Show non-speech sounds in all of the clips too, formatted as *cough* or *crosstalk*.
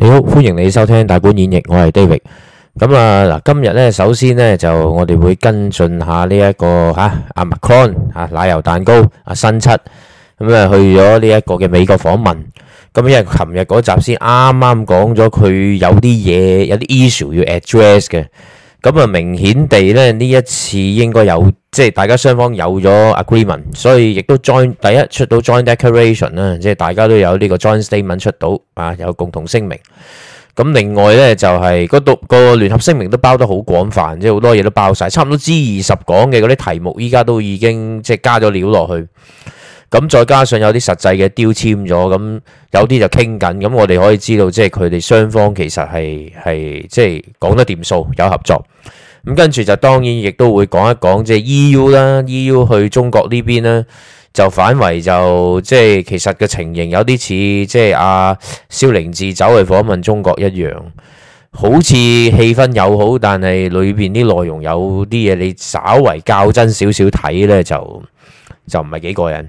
好，歡迎你收聽大本演繹，我是 David。咁啊，今日呢，首先呢，就我哋會跟進下呢一個，啊，阿莫克，奶油蛋糕，新七，address 嘅。咁啊，明顯地咧呢一次應該有，即係大家雙方有咗 agreement，所以亦都 joint 第一出到 joint declaration 啦，即係大家都有呢個 joint statement 出到啊，有共同聲明。咁另外呢，就係嗰度個聯合聲明都包得好廣泛，即係好多嘢都包晒，差唔多 G 二十講嘅嗰啲題目，依家都已經即係加咗料落去。咁再加上有啲實際嘅簽籤咗，咁有啲就傾緊，咁我哋可以知道，即係佢哋雙方其實係係即係講得掂數，有合作。咁跟住就當然亦都會講一講即係 EU 啦、e、，EU 去中國呢邊呢，就反為就即係其實嘅情形有啲似即係阿、啊、蕭凌志走去訪問中國一樣，好似氣氛友好，但係裏邊啲內容有啲嘢你稍為較真少少睇呢，就就唔係幾過癮。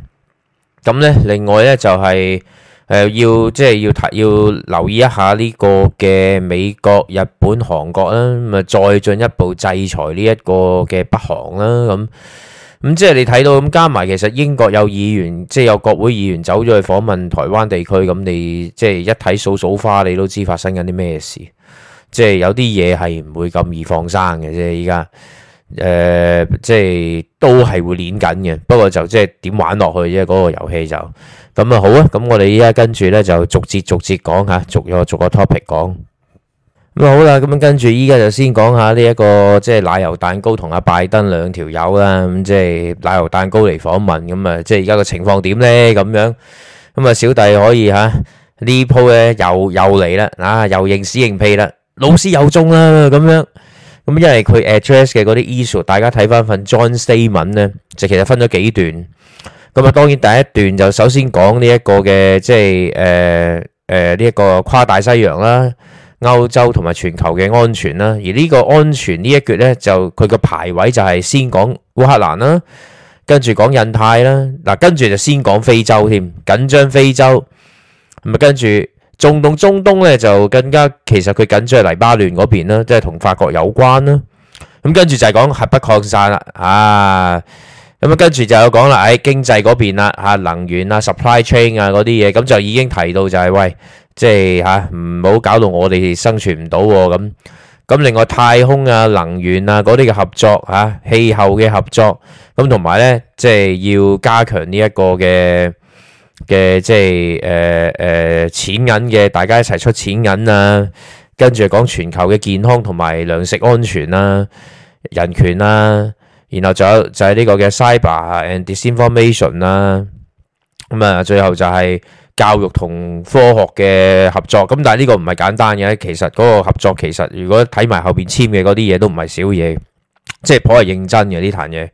咁呢，另外呢，就係誒，要即係要提，要留意一下呢個嘅美國、日本、韓國啦，咁啊再進一步制裁呢一個嘅北韓啦，咁咁即係你睇到咁加埋，其實英國有議員即係有國會議員走咗去訪問台灣地區，咁你即係一睇數數花，你都知發生緊啲咩事，即係有啲嘢係唔會咁易放生嘅啫，而家。誒、呃，即係都係會連緊嘅，不過就即係點玩落去啫，嗰、那個遊戲就咁，啊好啊，咁我哋依家跟住咧就逐節逐節講吓，逐個逐個 topic 講。咁啊好啦，咁啊跟住依家就先講下呢、這、一個即係奶油蛋糕同阿拜登兩條友啦，咁即係奶油蛋糕嚟訪問，咁啊即係而家個情況點咧？咁樣，咁啊小弟可以吓呢鋪咧又又嚟啦，啊，又，又，啊又認屎認屁啦，老師有鐘啦咁樣。咁因為佢 address 嘅嗰啲 issue，大家睇翻份 Joint Statement 咧，就其實分咗幾段。咁啊，當然第一段就首先講呢一個嘅，即係誒誒呢一個跨大西洋啦、歐洲同埋全球嘅安全啦。而呢個安全一呢一橛咧，就佢個排位就係先講烏克蘭啦，跟住講印太啦，嗱跟住就先講非洲添，緊張非洲，咁啊跟住。仲同中東咧就更加，其實佢緊張係黎巴嫩嗰邊啦，即係同法國有關啦。咁跟住就係講核不擴散啦。啊，咁啊跟住就有講啦，喺、哎、經濟嗰邊啦，嚇能源啊、supply chain 啊嗰啲嘢，咁就已經提到就係、是、喂，即係嚇唔好搞到我哋生存唔到喎咁。咁另外太空啊、能源啊嗰啲嘅合作嚇、啊，氣候嘅合作，咁同埋咧即係要加強呢一個嘅。嘅即係誒誒錢銀嘅，大家一齊出錢銀啊！跟住講全球嘅健康同埋糧食安全啦、啊、人權啦、啊，然後仲有就係呢個嘅 Cyber and Disinformation 啦、啊。咁、嗯、啊，最後就係教育同科學嘅合作。咁但係呢個唔係簡單嘅，其實嗰個合作其實如果睇埋後邊簽嘅嗰啲嘢都唔係少嘢，即係頗係認真嘅呢壇嘢。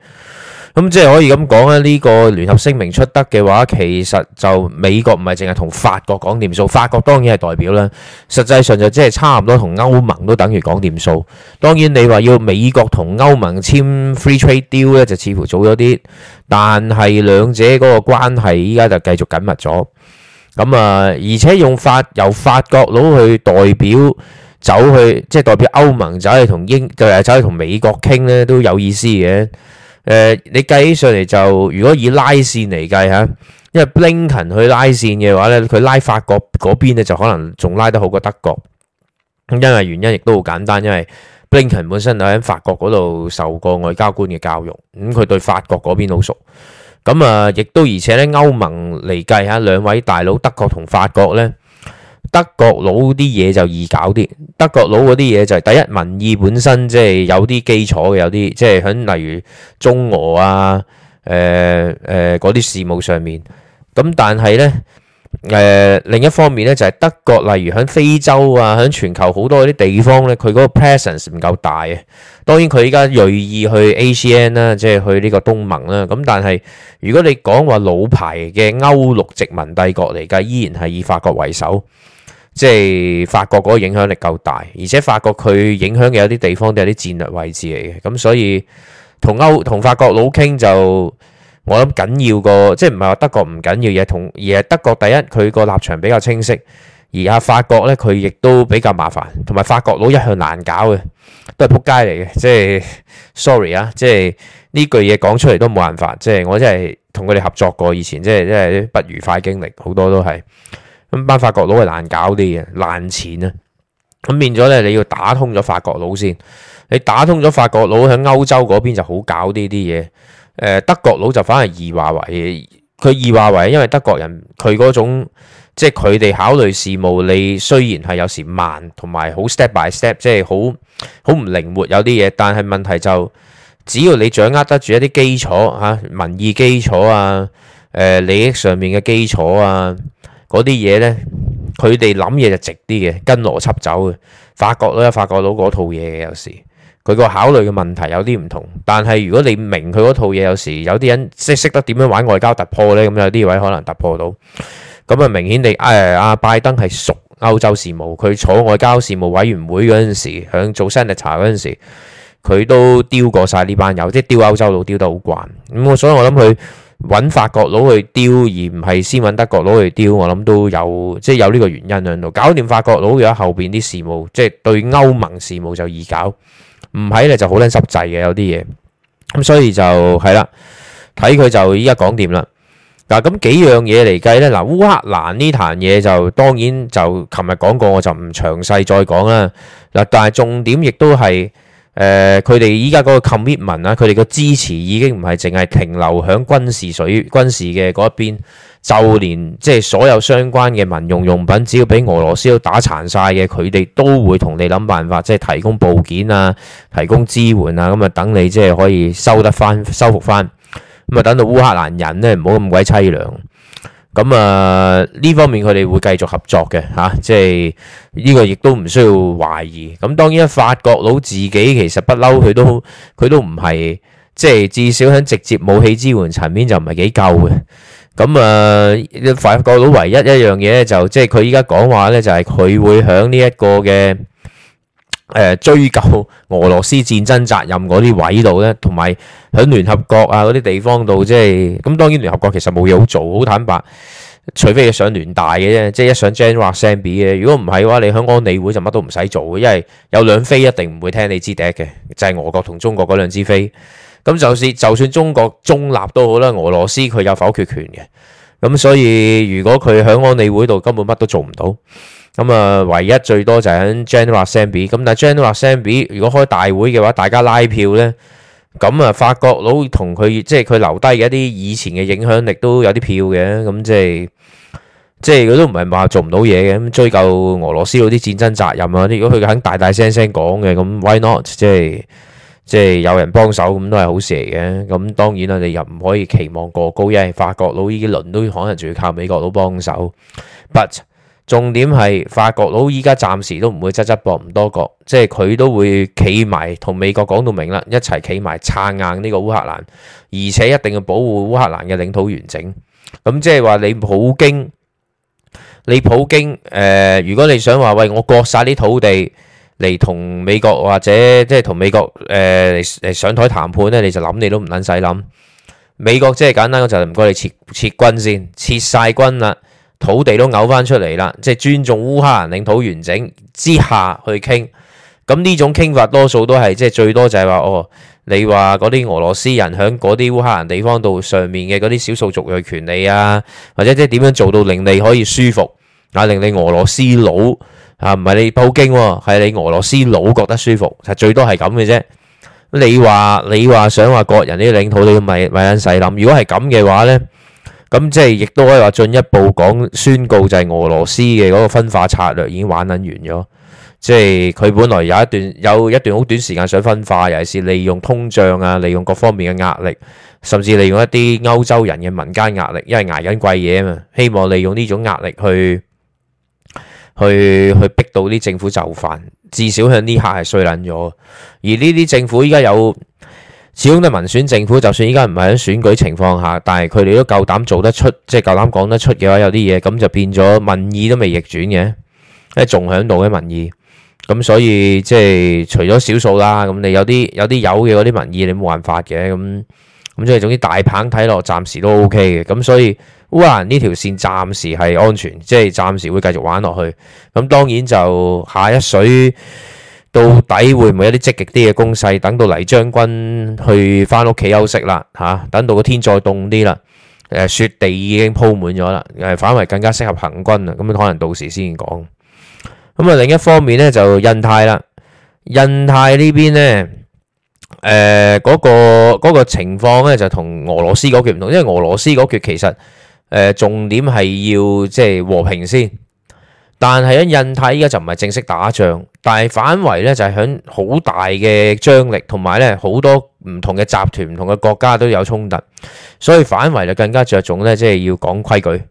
咁即係可以咁講啊！呢個聯合聲明出得嘅話，其實就美國唔係淨係同法國講掂數，法國當然係代表啦。實際上就即係差唔多同歐盟都等於講掂數。當然你話要美國同歐盟簽 free trade deal 咧，就似乎早咗啲。但係兩者嗰個關係依家就繼續緊密咗。咁啊，而且用法由法國佬去代表走去，即係代表歐盟走去同英就走去同美國傾咧，都有意思嘅。誒、呃，你計起上嚟就，如果以拉線嚟計嚇，因為 Blinken 去拉線嘅話咧，佢拉法國嗰邊咧就可能仲拉得好過德國，因為原因亦都好簡單，因為 Blinken 本身就喺法國嗰度受過外交官嘅教育。咁、嗯、佢對法國嗰邊好熟，咁啊，亦都而且咧，歐盟嚟計下兩位大佬德國同法國咧。德國佬啲嘢就易搞啲，德國佬嗰啲嘢就係第一，民意本身即係有啲基礎嘅，有啲即係響例如中俄啊，誒誒嗰啲事務上面。咁但係咧，誒、呃、另一方面咧就係德國，例如響非洲啊，響全球好多嗰啲地方咧，佢嗰個 presence 唔夠大啊。當然佢依家銳意去 ACN 啦，即係去呢個東盟啦。咁但係如果你講話老牌嘅歐陸殖民帝國嚟㗎，依然係以法國為首。即係法國嗰個影響力夠大，而且法國佢影響嘅有啲地方都有啲戰略位置嚟嘅，咁、嗯、所以同歐同法國佬傾就，我諗緊要個，即係唔係話德國唔緊要，而係同而係德國第一，佢個立場比較清晰，而啊法國咧，佢亦都比較麻煩，同埋法國佬一向難搞嘅，都係撲街嚟嘅，即係 sorry 啊，即係呢句嘢講出嚟都冇辦法，即係我真係同佢哋合作過以前，即係即係啲不愉快經歷好多都係。咁班法國佬係難搞啲嘅，爛錢啊。咁變咗咧，你要打通咗法國佬先。你打通咗法國佬喺歐洲嗰邊就好搞呢啲嘢。誒、呃，德國佬就反而易話為。佢易話為，因為德國人佢嗰種即係佢哋考慮事務，你雖然係有時慢同埋好 step by step，即係好好唔靈活有啲嘢，但係問題就只要你掌握得住一啲基礎嚇、啊、民意基礎啊，誒、呃、利益上面嘅基礎啊。嗰啲嘢呢，佢哋諗嘢就直啲嘅，跟邏輯走嘅，發覺都啊發覺到嗰套嘢嘅有時，佢個考慮嘅問題有啲唔同。但係如果你明佢嗰套嘢，有時有啲人識識得點樣玩外交突破呢，咁有啲位可能突破到。咁啊，明顯地，誒、哎、阿、啊、拜登係熟歐洲事務，佢坐外交事務委員會嗰陣時，響做 Senate 查嗰陣時，佢都丟過晒呢班友，即係丟歐洲佬丟得好慣。咁所以我諗佢。揾法國佬去屌而唔係先揾德國佬去屌，我諗都有即係有呢個原因喺度。搞掂法國佬，而家後邊啲事務即係對歐盟事務就易搞，唔係咧就好撚濕滯嘅有啲嘢。咁所以就係啦，睇佢就依家講掂啦。嗱，咁幾樣嘢嚟計呢？嗱，烏克蘭呢壇嘢就當然就琴日講過，我就唔詳細再講啦。嗱，但係重點亦都係。誒，佢哋依家嗰個 commitment 啊，佢哋個支持已經唔係淨係停留喺軍事水軍事嘅嗰一邊，就連即係、就是、所有相關嘅民用用品，只要俾俄羅斯都打殘晒嘅，佢哋都會同你諗辦法，即係提供部件啊，提供支援啊，咁、嗯、啊等你即係、就是、可以收得翻，收復翻，咁、嗯、啊等到烏克蘭人呢，唔好咁鬼淒涼。咁啊，呢方面佢哋會繼續合作嘅，嚇、啊，即係呢、這個亦都唔需要懷疑。咁、啊、當然，法國佬自己其實不嬲，佢都佢都唔係，即係至少喺直接武器支援層面就唔係幾夠嘅。咁啊，法國佬唯一一樣嘢咧，就即係佢依家講話咧，就係佢會響呢一個嘅。追究俄羅斯戰爭責任嗰啲位度呢，同埋喺聯合國啊嗰啲地方度，即係咁。當然聯合國其實冇嘢好做，好坦白，除非佢上聯大嘅啫，即係一上 General Assembly 嘅。如果唔係嘅話，你響安理會就乜都唔使做嘅，因為有兩飛一定唔會聽你支笛嘅，就係、是、俄國同中國嗰兩支飛。咁就算就算中國中立都好啦，俄羅斯佢有否決權嘅，咁所以如果佢響安理會度根本乜都做唔到。咁啊，唯一最多就係 General Assembly 咁，但係 General Assembly 如果開大會嘅話，大家拉票咧，咁啊，法國佬同佢即係佢留低嘅一啲以前嘅影響力都有啲票嘅。咁即係，即係佢都唔係話做唔到嘢嘅。咁追究俄羅斯嗰啲戰爭責任啊，如果佢肯大大聲聲講嘅，咁 Why not？即係即係有人幫手咁都係好事嘅。咁當然啦，你又唔可以期望過高，因為法國佬呢輪都可能仲要靠美國佬幫手。But 重點係法國佬依家暫時都唔會側側膊唔多覺，即係佢都會企埋同美國講到明啦，一齊企埋撐硬呢個烏克蘭，而且一定要保護烏克蘭嘅領土完整。咁、嗯、即係話你普京，你普京，誒、呃，如果你想話喂，我割晒啲土地嚟，同美國或者即係同美國誒、呃、上台談判咧，你就諗，你都唔撚使諗。美國即係簡單講就係唔該你撤撤軍先，撤晒軍啦。土地都嘔翻出嚟啦，即係尊重烏克蘭領土完整之下去傾，咁呢種傾法多數都係即係最多就係話哦，你話嗰啲俄羅斯人喺嗰啲烏克蘭地方度上面嘅嗰啲少數族嘅權利啊，或者即係點樣做到令你可以舒服啊，令你俄羅斯佬啊唔係你普京係、啊、你俄羅斯佬覺得舒服，其實最多係咁嘅啫。你話你話想話國人啲領土，你咪咪咁細諗。如果係咁嘅話咧。咁即係亦都可以話進一步講，宣告就係俄羅斯嘅嗰個分化策略已經玩捻完咗。即係佢本來有一段有一段好短時間想分化，尤其是利用通脹啊，利用各方面嘅壓力，甚至利用一啲歐洲人嘅民間壓力，因為挨緊貴嘢啊嘛，希望利用呢種壓力去去去逼到啲政府就範，至少向呢下係衰捻咗。而呢啲政府依家有。始終都民選政府，就算依家唔係喺選舉情況下，但係佢哋都夠膽做得出，即係夠膽講得出嘅話，有啲嘢咁就變咗民意都未逆轉嘅，即仲喺度嘅民意。咁所以即係除咗少數啦，咁你有啲有啲有嘅嗰啲民意你冇辦法嘅，咁咁即係總之大棒睇落暫時都 OK 嘅，咁所以哇呢條線暫時係安全，即係暫時會繼續玩落去。咁當然就下一水。到底會唔會一啲積極啲嘅攻勢？等到黎將軍去翻屋企休息啦，吓，等到個天再凍啲啦，誒，雪地已經鋪滿咗啦，誒，反為更加適合行軍啦，咁可能到時先講。咁啊，另一方面咧就印太啦，印太呢邊咧，誒，嗰個嗰個情況咧就同俄羅斯嗰橛唔同，因為俄羅斯嗰橛其實誒重點係要即係和平先。但係喺印太依家就唔係正式打仗，但係反而咧就係喺好大嘅張力，同埋咧好多唔同嘅集團、唔同嘅國家都有衝突，所以反而就更加着重咧，即係要講規矩，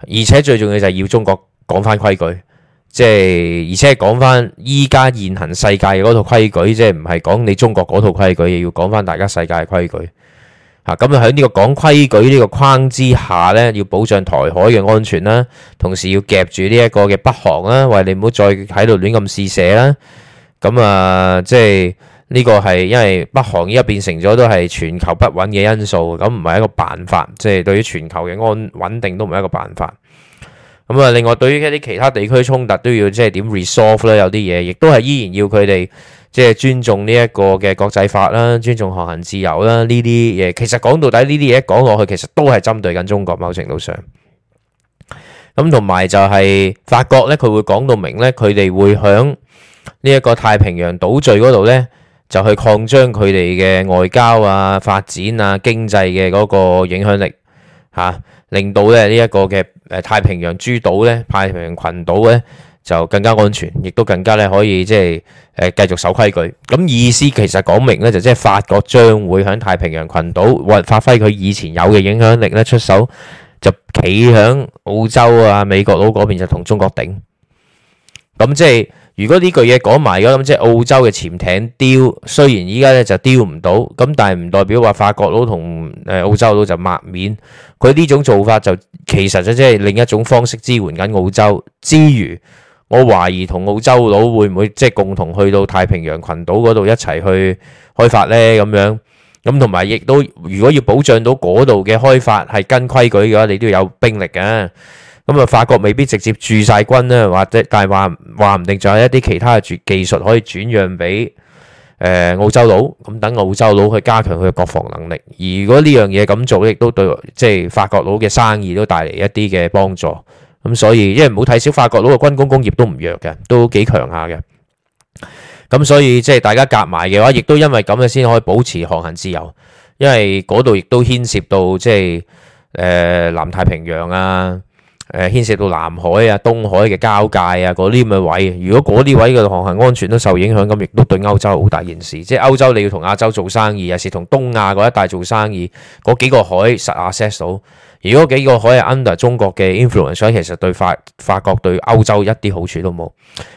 而且最重要就係要中國講翻規矩，即係而且係講翻依家現行世界嗰套規矩，即係唔係講你中國嗰套規矩，要講翻大家世界嘅規矩。啊！咁啊、嗯，喺呢個講規矩呢個框之下咧，要保障台海嘅安全啦，同時要夾住呢一個嘅北韓啦。喂，你唔好再喺度亂咁試射啦。咁、嗯、啊，即係呢個係因為北韓而家變成咗都係全球不穩嘅因素，咁唔係一個辦法，即係對於全球嘅安穩定都唔係一個辦法。咁、嗯、啊，另外對於一啲其他地區衝突都要即係點 resolve 咧，有啲嘢亦都係依然要佢哋。即係尊重呢一個嘅國際法啦，尊重航行自由啦，呢啲嘢其實講到底，呢啲嘢講落去其實都係針對緊中國某程度上。咁同埋就係法國咧，佢會講到明咧，佢哋會響呢一個太平洋島嶼嗰度咧，就去擴張佢哋嘅外交啊、發展啊、經濟嘅嗰個影響力嚇，令到咧呢一個嘅誒太平洋諸島咧、太平洋群島咧。就更加安全，亦都更加咧可以即係誒繼續守規矩。咁意思其實講明咧就即係法國將會響太平洋群島或發揮佢以前有嘅影響力咧出手就企響澳洲啊美國佬嗰邊就同中國頂。咁即係如果呢句嘢講埋咗咁即係澳洲嘅潛艇丟，雖然依家咧就丟唔到，咁但係唔代表話法國佬同誒澳洲佬就抹面。佢呢種做法就其實就即係另一種方式支援緊澳洲之余。我懷疑同澳洲佬會唔會即係、就是、共同去到太平洋群島嗰度一齊去開發呢？咁樣，咁同埋亦都如果要保障到嗰度嘅開發係跟規矩嘅話，你都要有兵力嘅。咁啊法國未必直接駐晒軍啦，或者但係話話唔定仲有一啲其他嘅轉技術可以轉讓俾澳洲佬，咁等澳洲佬去加強佢嘅國防能力。而如果呢樣嘢咁做亦都對即係、就是、法國佬嘅生意都帶嚟一啲嘅幫助。咁所以，因為唔好睇小法國佬嘅軍工工業都唔弱嘅，都幾強下嘅。咁所以即係大家夾埋嘅話，亦都因為咁樣先可以保持航行自由。因為嗰度亦都牽涉到即係誒南太平洋啊，誒牽涉到南海啊、東海嘅交界啊嗰啲咁嘅位。如果嗰啲位嘅航行安全都受影響，咁亦都對歐洲好大件事。即係歐洲你要同亞洲做生意，又係同東亞嗰一帶做生意，嗰幾個海實下 set 到。如果幾個可以 under 中國嘅 influence，所以其實對法法國對歐洲一啲好處都冇。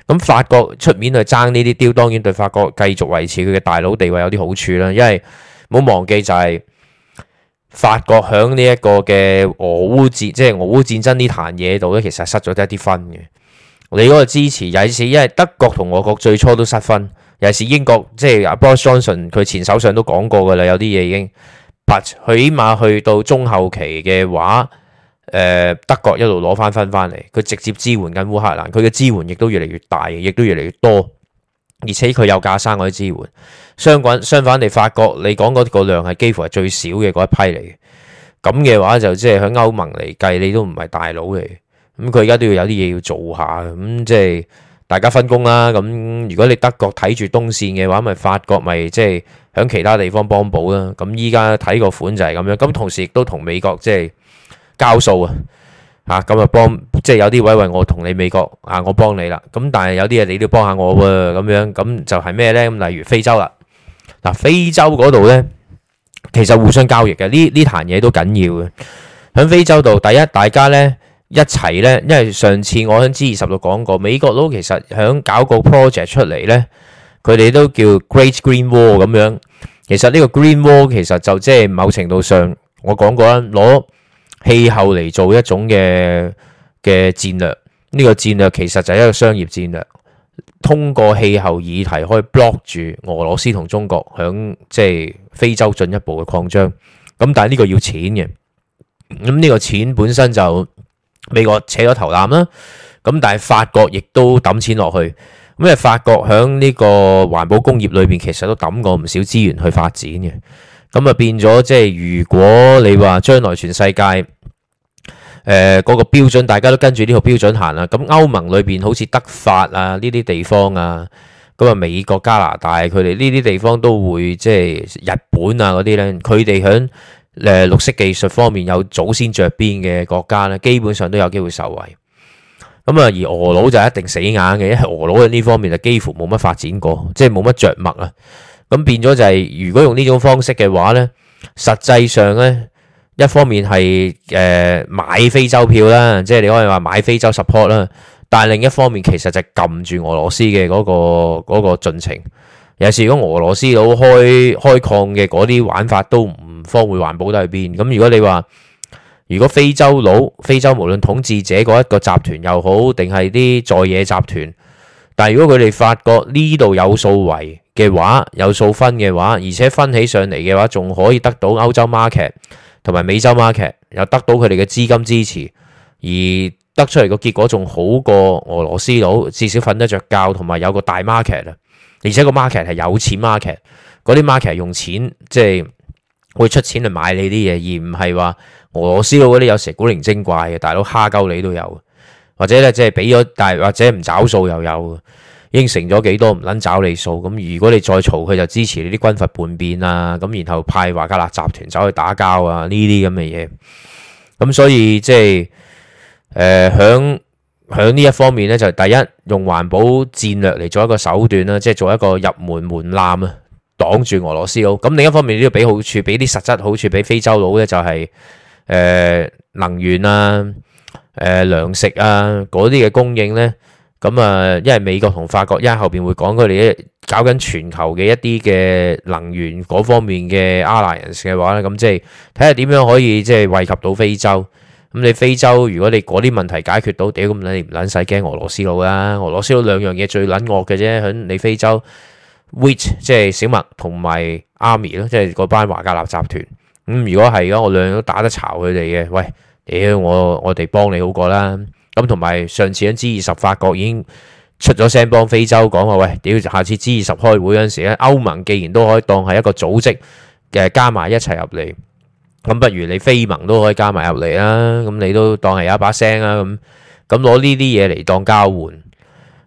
咁法國出面去爭呢啲 deal，當然對法國繼續維持佢嘅大佬地位有啲好處啦。因為冇忘記就係、是、法國響呢一個嘅俄烏戰，即係俄烏戰爭呢壇嘢度咧，其實失咗一啲分嘅。你嗰個支持尤其是因為德國同俄國最初都失分，尤其是英國即係 Boris Johnson 佢前首相都講過噶啦，有啲嘢已經。但起碼去到中後期嘅話，誒德國一路攞翻分翻嚟，佢直接支援緊烏克蘭，佢嘅支援亦都越嚟越大，亦都越嚟越多，而且佢有架生可以支援。相反相反，你發覺你講嗰個量係幾乎係最少嘅嗰一批嚟嘅，咁嘅話就即係喺歐盟嚟計，你都唔係大佬嚟。咁佢而家都要有啲嘢要做下嘅，咁、嗯、即係。大家分工啦，咁如果你德國睇住東線嘅話，咪法國咪即係響其他地方幫補啦。咁依家睇個款就係咁樣，咁同時亦都同美國即係交數啊，吓咁啊幫，即係有啲位為我同你美國啊，我幫你啦。咁但係有啲嘢你都要幫下我喎，咁樣咁就係咩呢？咁例如非洲啦，嗱，非洲嗰度呢，其實互相交易嘅呢呢罈嘢都緊要嘅。響非洲度，第一大家呢。一齊呢，因為上次我喺 G 二十度講過，美國佬其實響搞個 project 出嚟呢，佢哋都叫 Great Green Wall 咁樣。其實呢個 Green Wall 其實就即係某程度上我，我講過啦，攞氣候嚟做一種嘅嘅戰略。呢、這個戰略其實就係一個商業戰略，通過氣候議題可以 block 住俄羅斯同中國響即係非洲進一步嘅擴張。咁但係呢個要錢嘅，咁、這、呢個錢本身就。美國扯咗頭啖啦，咁但係法國亦都抌錢落去。咁因為法國喺呢個環保工業裏面其實都抌過唔少資源去發展嘅。咁啊變咗即係如果你話將來全世界，呃，嗰個標準大家都跟住呢個標準行啦。咁歐盟裏面好似德法啊，呢啲地方啊，咁美國加拿大、佢哋，呢啲地方都會即係日本啊，嗰啲呢，佢哋喺，誒、呃、綠色技術方面有祖先着邊嘅國家咧，基本上都有機會受惠。咁啊，而俄佬就一定死眼嘅，因為俄佬喺呢方面就幾乎冇乜發展過，即係冇乜着墨啊。咁變咗就係、是，如果用呢種方式嘅話呢，實際上呢，一方面係誒、呃、買非洲票啦，即係你可以話買非洲 support 啦。但係另一方面其實就撳住俄羅斯嘅嗰、那個嗰、那個、進程。有時如果俄羅斯佬開開礦嘅嗰啲玩法都唔～方會環保都係邊？咁如果你話，如果非洲佬，非洲無論統治者嗰一個集團又好，定係啲在野集團，但係如果佢哋發覺呢度有數圍嘅話，有數分嘅話，而且分起上嚟嘅話，仲可以得到歐洲 market 同埋美洲 market，又得到佢哋嘅資金支持，而得出嚟個結果仲好過俄羅斯佬，至少瞓得着覺，同埋有個大 market 啊，而且個 market 係有錢 market，嗰啲 market 用錢，即係。會出錢嚟買你啲嘢，而唔係話俄羅斯佬嗰啲有時古靈精怪嘅大佬蝦鳩你都有，或者咧即係俾咗但係或者唔找數又有，應承咗幾多唔捻找你數咁。如果你再嘈佢就支持你啲軍閥叛變啊，咁然後派華格納集團走去打交啊呢啲咁嘅嘢。咁所以即係誒響響呢一方面呢，就第一用環保戰略嚟做一個手段啦，即係做一個入門門檻啊。擋住俄羅斯佬，咁另一方面都要俾好處，俾啲實質好處俾非洲佬咧，就係誒能源啦，誒糧食啊嗰啲嘅供應咧，咁啊，因為美國同法國，因為後邊會講佢哋咧搞緊全球嘅一啲嘅能源嗰方面嘅 alliance 嘅話咧，咁即係睇下點樣可以即係惠及到非洲。咁你非洲如果你嗰啲問題解決到，屌咁你唔卵使驚俄羅斯佬啦。俄羅斯佬兩樣嘢最卵惡嘅啫，喺你非洲。which 即係小麥同埋阿米咯，即係嗰班華格納集團咁、嗯。如果係咁，我兩樣都打得巢佢哋嘅。喂，屌我我哋幫你好過啦。咁同埋上次喺 G 二十發覺法國已經出咗聲幫非洲講話，喂屌，下次 G 二十開會嗰陣時咧，歐盟既然都可以當係一個組織嘅加埋一齊入嚟，咁不如你非盟都可以加埋入嚟啦。咁你都當係有一把聲啦。咁咁攞呢啲嘢嚟當交換，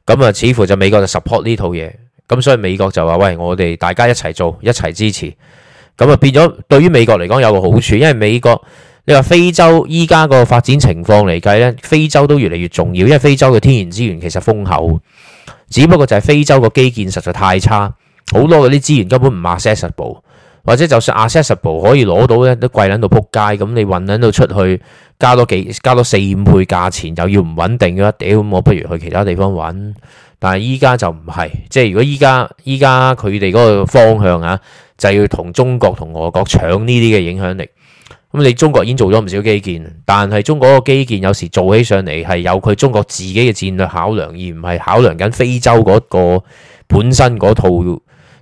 咁啊，似乎就美國就 support 呢套嘢。咁所以美國就話：喂，我哋大家一齊做，一齊支持。咁啊變咗，對於美國嚟講有個好處，因為美國你話非洲依家個發展情況嚟計呢，非洲都越嚟越重要，因為非洲嘅天然資源其實豐厚，只不過就係非洲個基建實在太差，好多嗰啲資源根本唔 accessible，或者就算 accessible 可以攞到呢，都貴撚到仆街。咁你運撚到出去，加多幾加多四五倍價錢，又要唔穩定嘅話，屌，我不如去其他地方揾。但係依家就唔係，即係如果依家依家佢哋嗰個方向啊，就要同中國同俄國搶呢啲嘅影響力。咁你中國已經做咗唔少基建，但係中國個基建有時做起上嚟係有佢中國自己嘅戰略考量，而唔係考量緊非洲嗰個本身嗰套，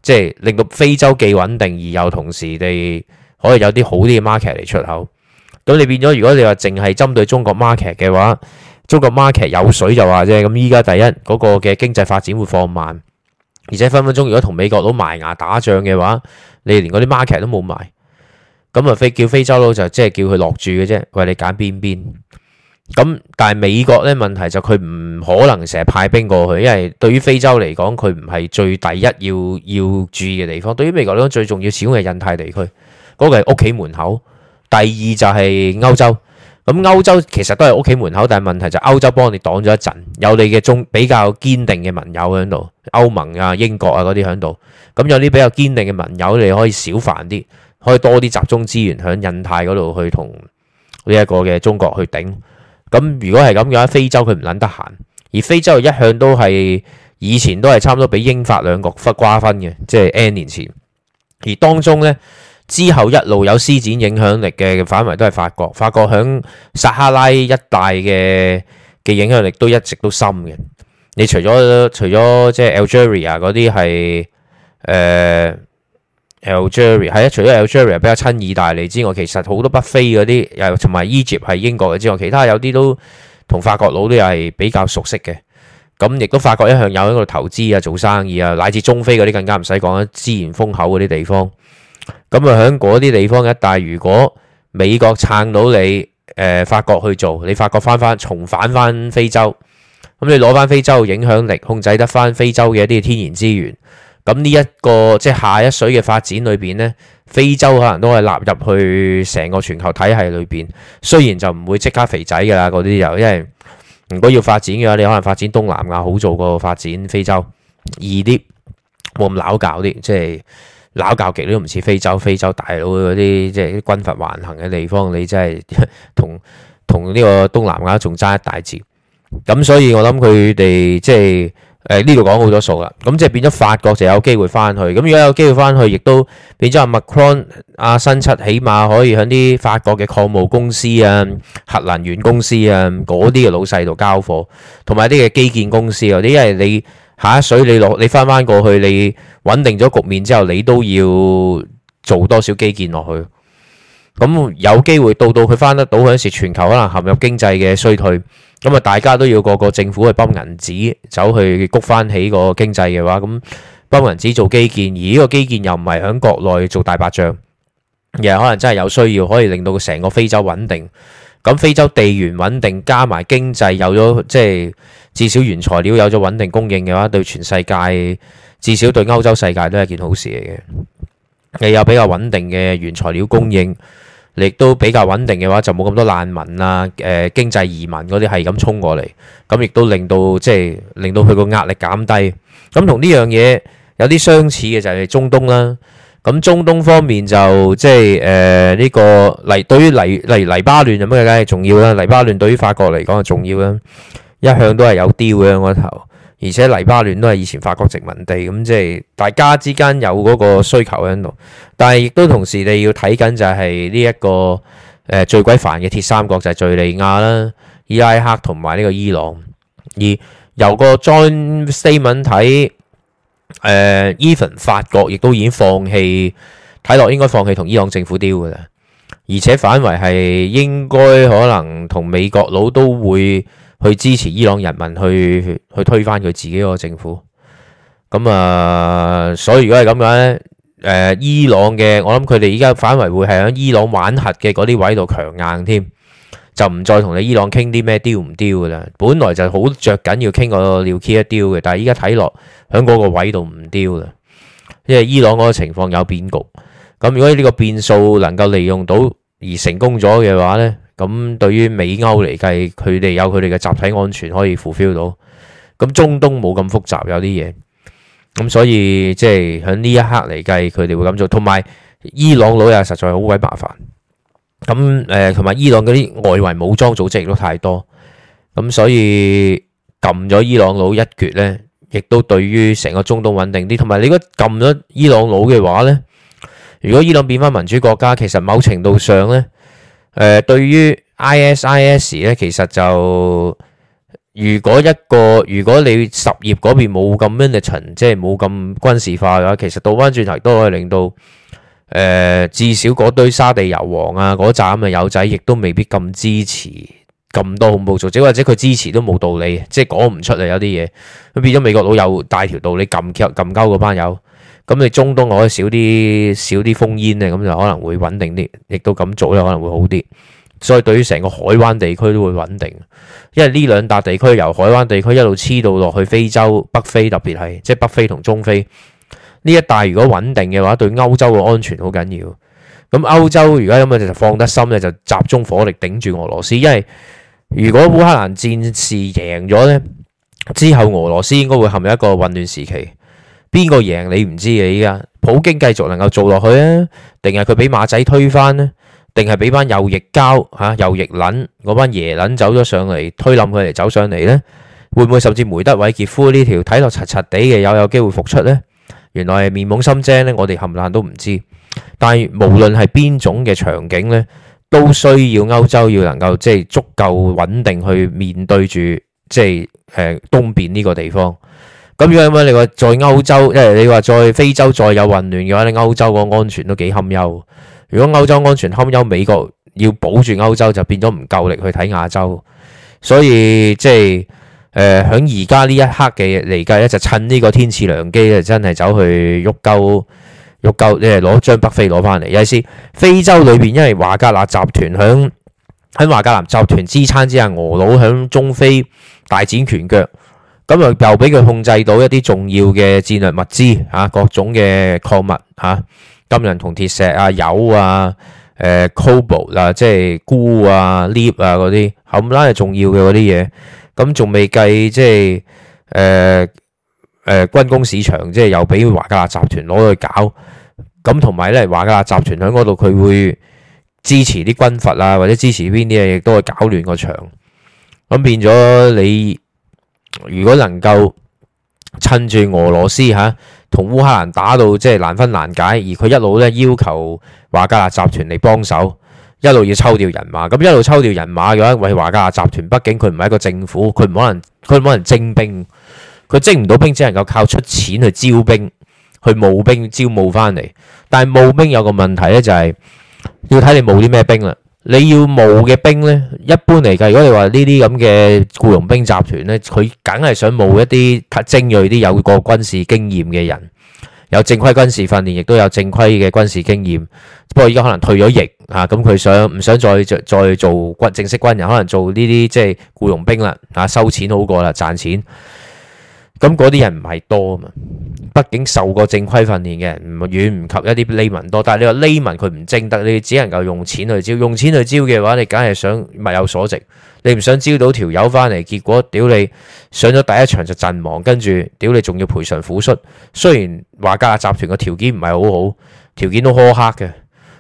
即係令到非洲既穩定，而又同時地可以有啲好啲嘅 market 嚟出口。咁你變咗，如果你話淨係針對中國 market 嘅話。中國 market 有水就話啫，咁依家第一嗰個嘅經濟發展會放慢，而且分分鐘如果同美國佬埋牙打仗嘅話，你連嗰啲 market 都冇埋，咁啊非叫非洲佬就即係叫佢落注嘅啫，喂，你揀邊邊？咁但係美國咧，問題就佢唔可能成日派兵過去，因為對於非洲嚟講佢唔係最第一要要注意嘅地方。對於美國嚟講最重要始終係印太地區，嗰個係屋企門口。第二就係歐洲。咁歐洲其實都係屋企門口，但係問題就歐洲幫你擋咗一陣，有你嘅中比較堅定嘅盟友喺度，歐盟啊、英國啊嗰啲喺度。咁有啲比較堅定嘅盟友，你可以少煩啲，可以多啲集中資源喺印太嗰度去同呢一個嘅中國去頂。咁如果係咁樣，非洲佢唔撚得閒，而非洲一向都係以前都係差唔多俾英法兩國忽瓜分嘅，即係 N 年前。而當中呢。之後一路有施展影響力嘅範圍都係法國，法國響撒哈拉一帶嘅嘅影響力都一直都深嘅。你除咗除咗即係 Algeria 嗰啲係誒 Algeria 啊，除咗 Algeria、呃、比較親意，意大利之外，其實好多北非嗰啲又同埋 Egypt 係英國嘅之外，其他有啲都同法國佬都係比較熟悉嘅。咁亦都法國一向有喺度投資啊、做生意啊，乃至中非嗰啲更加唔使講啦，資源豐厚嗰啲地方。咁啊，喺嗰啲地方嘅，但如果美國撐到你，誒、呃、法國去做，你法國翻翻重返翻非洲，咁你攞翻非洲影響力，控制得翻非洲嘅一啲天然資源，咁呢一個即係下一水嘅發展裏邊呢，非洲可能都係納入去成個全球體系裏邊。雖然就唔會即刻肥仔噶啦，嗰啲又因為如果要發展嘅話，你可能發展東南亞好做過發展非洲，易啲，冇咁攪搞啲，即係。撈教極都唔似非洲，非洲大佬嗰啲即係軍閥橫行嘅地方，你真係同同呢個東南亞仲爭一大截。咁所以我諗佢哋即係誒呢度講好多數啦。咁即係變咗法國就有機會翻去。咁如果有機會翻去，亦都變咗阿 Macron 阿、啊、新七，起碼可以喺啲法國嘅礦務公司啊、核能源公司啊嗰啲嘅老細度交貨，同埋啲嘅基建公司嗰啲，因為你。下一水你落你翻翻過去，你穩定咗局面之後，你都要做多少基建落去？咁有機會到到佢翻得到嗰陣時，全球可能陷入經濟嘅衰退，咁啊大家都要個個政府去揼銀紙走去谷翻起個經濟嘅話，咁揼銀紙做基建，而呢個基建又唔係喺國內做大白象，又可能真係有需要可以令到成個非洲穩定。咁非洲地緣穩定，加埋經濟有咗，即係至少原材料有咗穩定供應嘅話，對全世界至少對歐洲世界都係件好事嚟嘅。你有比較穩定嘅原材料供應，你亦都比較穩定嘅話，就冇咁多難民啊、誒經濟移民嗰啲係咁衝過嚟，咁亦都令到即係令到佢個壓力減低。咁同呢樣嘢有啲相似嘅就係中東啦。咁中東方面就即係誒呢個黎對於黎黎黎巴嫩係乜嘢梗係重要啦，黎巴嫩對於法國嚟講係重要啦，一向都係有 deal 嘅嗰頭，而且黎巴嫩都係以前法國殖民地，咁即係大家之間有嗰個需求喺度，但係亦都同時你要睇緊就係呢一個誒最鬼煩嘅鐵三角就係敍利亞啦、伊拉克同埋呢個伊朗，而由個 joint statement 睇。誒、uh,，even 法國亦都已經放棄，睇落應該放棄同伊朗政府 deal 嘅啦，而且反為係應該可能同美國佬都會去支持伊朗人民去去推翻佢自己個政府。咁啊，uh, 所以如果係咁樣咧，誒、uh,，伊朗嘅我諗佢哋而家反為會係喺伊朗玩核嘅嗰啲位度強硬添。就唔再同你伊朗傾啲咩丟唔丟嘅啦，本來就好着緊要傾個料 key 一丟嘅，但係依家睇落喺嗰個位度唔丟啦，因為伊朗嗰個情況有變局，咁如果呢個變數能夠利用到而成功咗嘅話呢，咁對於美歐嚟計，佢哋有佢哋嘅集體安全可以 fulfill 到，咁中東冇咁複雜有啲嘢，咁所以即係喺呢一刻嚟計，佢哋會咁做，同埋伊朗佬又實在好鬼麻煩。咁誒，同埋伊朗嗰啲外圍武裝組織亦都太多，咁所以撳咗伊朗佬一決咧，亦都對於成個中東穩定啲。同埋你如果撳咗伊朗佬嘅話咧，如果伊朗變翻民主國家，其實某程度上咧，誒對於 ISIS 咧，其實就如果一個如果你什葉嗰邊冇咁 militant，即係冇咁軍事化嘅話，其實倒翻轉頭都可以令到。誒、呃，至少嗰堆沙地油王啊，嗰扎咁友仔，亦都未必咁支持咁多恐怖組織，或者或者佢支持都冇道理，即係講唔出嚟。有啲嘢，咁變咗美國佬有大條道理，你禁交禁班友，咁你中東可以少啲少啲烽煙咧，咁就可能會穩定啲，亦都咁做咧可能會好啲，所以對於成個海灣地區都會穩定，因為呢兩笪地區由海灣地區一路黐到落去非洲北非，特別係即係北非同中非。呢一帶如果穩定嘅話，對歐洲嘅安全好緊要。咁歐洲如果咁嘅就放得心咧，就集中火力頂住俄羅斯。因為如果烏克蘭戰事贏咗咧，之後俄羅斯應該會陷入一個混亂時期。邊個贏你唔知嘅依家。普京繼續能夠做落去咧，定係佢俾馬仔推翻呢？定係俾班右翼膠嚇右翼捻嗰班爺捻走咗上嚟推冧佢嚟走上嚟呢？會唔會甚至梅德韋傑夫呢條睇落柒柒地嘅有有機會復出呢？原來係面懵心精呢，我哋冚唥都唔知。但係無論係邊種嘅場景呢，都需要歐洲要能夠即係足夠穩定去面對住即係誒東邊呢個地方。咁如果咁樣你話在歐洲，即係你話在非洲再有混亂嘅話，你歐洲個安全都幾堪憂。如果歐洲安全堪憂，美國要保住歐洲就變咗唔夠力去睇亞洲，所以即係。誒，喺而家呢一刻嘅嚟計咧，就趁呢個天賜良機，就真係走去喐鳩喐鳩，即係攞張北非攞翻嚟。有啲非洲裏邊，因為華格納集團響響華格納集團支撐之下，俄佬響中非大展拳腳，咁又又俾佢控制到一啲重要嘅戰略物資嚇、啊，各種嘅礦物嚇、啊，金人同鐵石啊、油啊、誒 cobalt 啊，即係鈷啊、lead 啊嗰啲，咁嗰啲重要嘅嗰啲嘢。咁仲未計即係誒誒軍工市場，即係又俾華格納集團攞去搞，咁同埋咧華格納集團喺嗰度佢會支持啲軍閥啊，或者支持邊啲嘢，亦都會搞亂個場。咁變咗你如果能夠趁住俄羅斯吓同烏克蘭打到即係難分難解，而佢一路咧要求華格納集團嚟幫手。一路要抽調人馬，咁一路抽調人馬嘅話，維華家集團，畢竟佢唔係一個政府，佢唔可能，佢唔可能徵兵，佢徵唔到兵，只能夠靠出錢去招兵，去募兵招募翻嚟。但係募兵有個問題咧，就係，就係要睇你募啲咩兵啦。你要募嘅兵咧，一般嚟計，如果你話呢啲咁嘅僱傭兵集團咧，佢梗係想募一啲精銳啲、有個軍事經驗嘅人。有正規軍事訓練，亦都有正規嘅軍事經驗。不過依家可能退咗役啊，咁佢想唔想再再做軍正式軍人？可能做呢啲即係僱傭兵啦，啊收錢好過啦，賺錢。咁嗰啲人唔係多啊嘛。畢竟受過正規訓練嘅唔遠唔及一啲匿文多，但係你話匿文佢唔精得，你只能夠用錢去招。用錢去招嘅話，你梗係想物有所值。你唔想招到條友翻嚟，結果屌你上咗第一場就陣亡，跟住屌你仲要賠償撫恤。雖然華格集團嘅條件唔係好好，條件都苛刻嘅，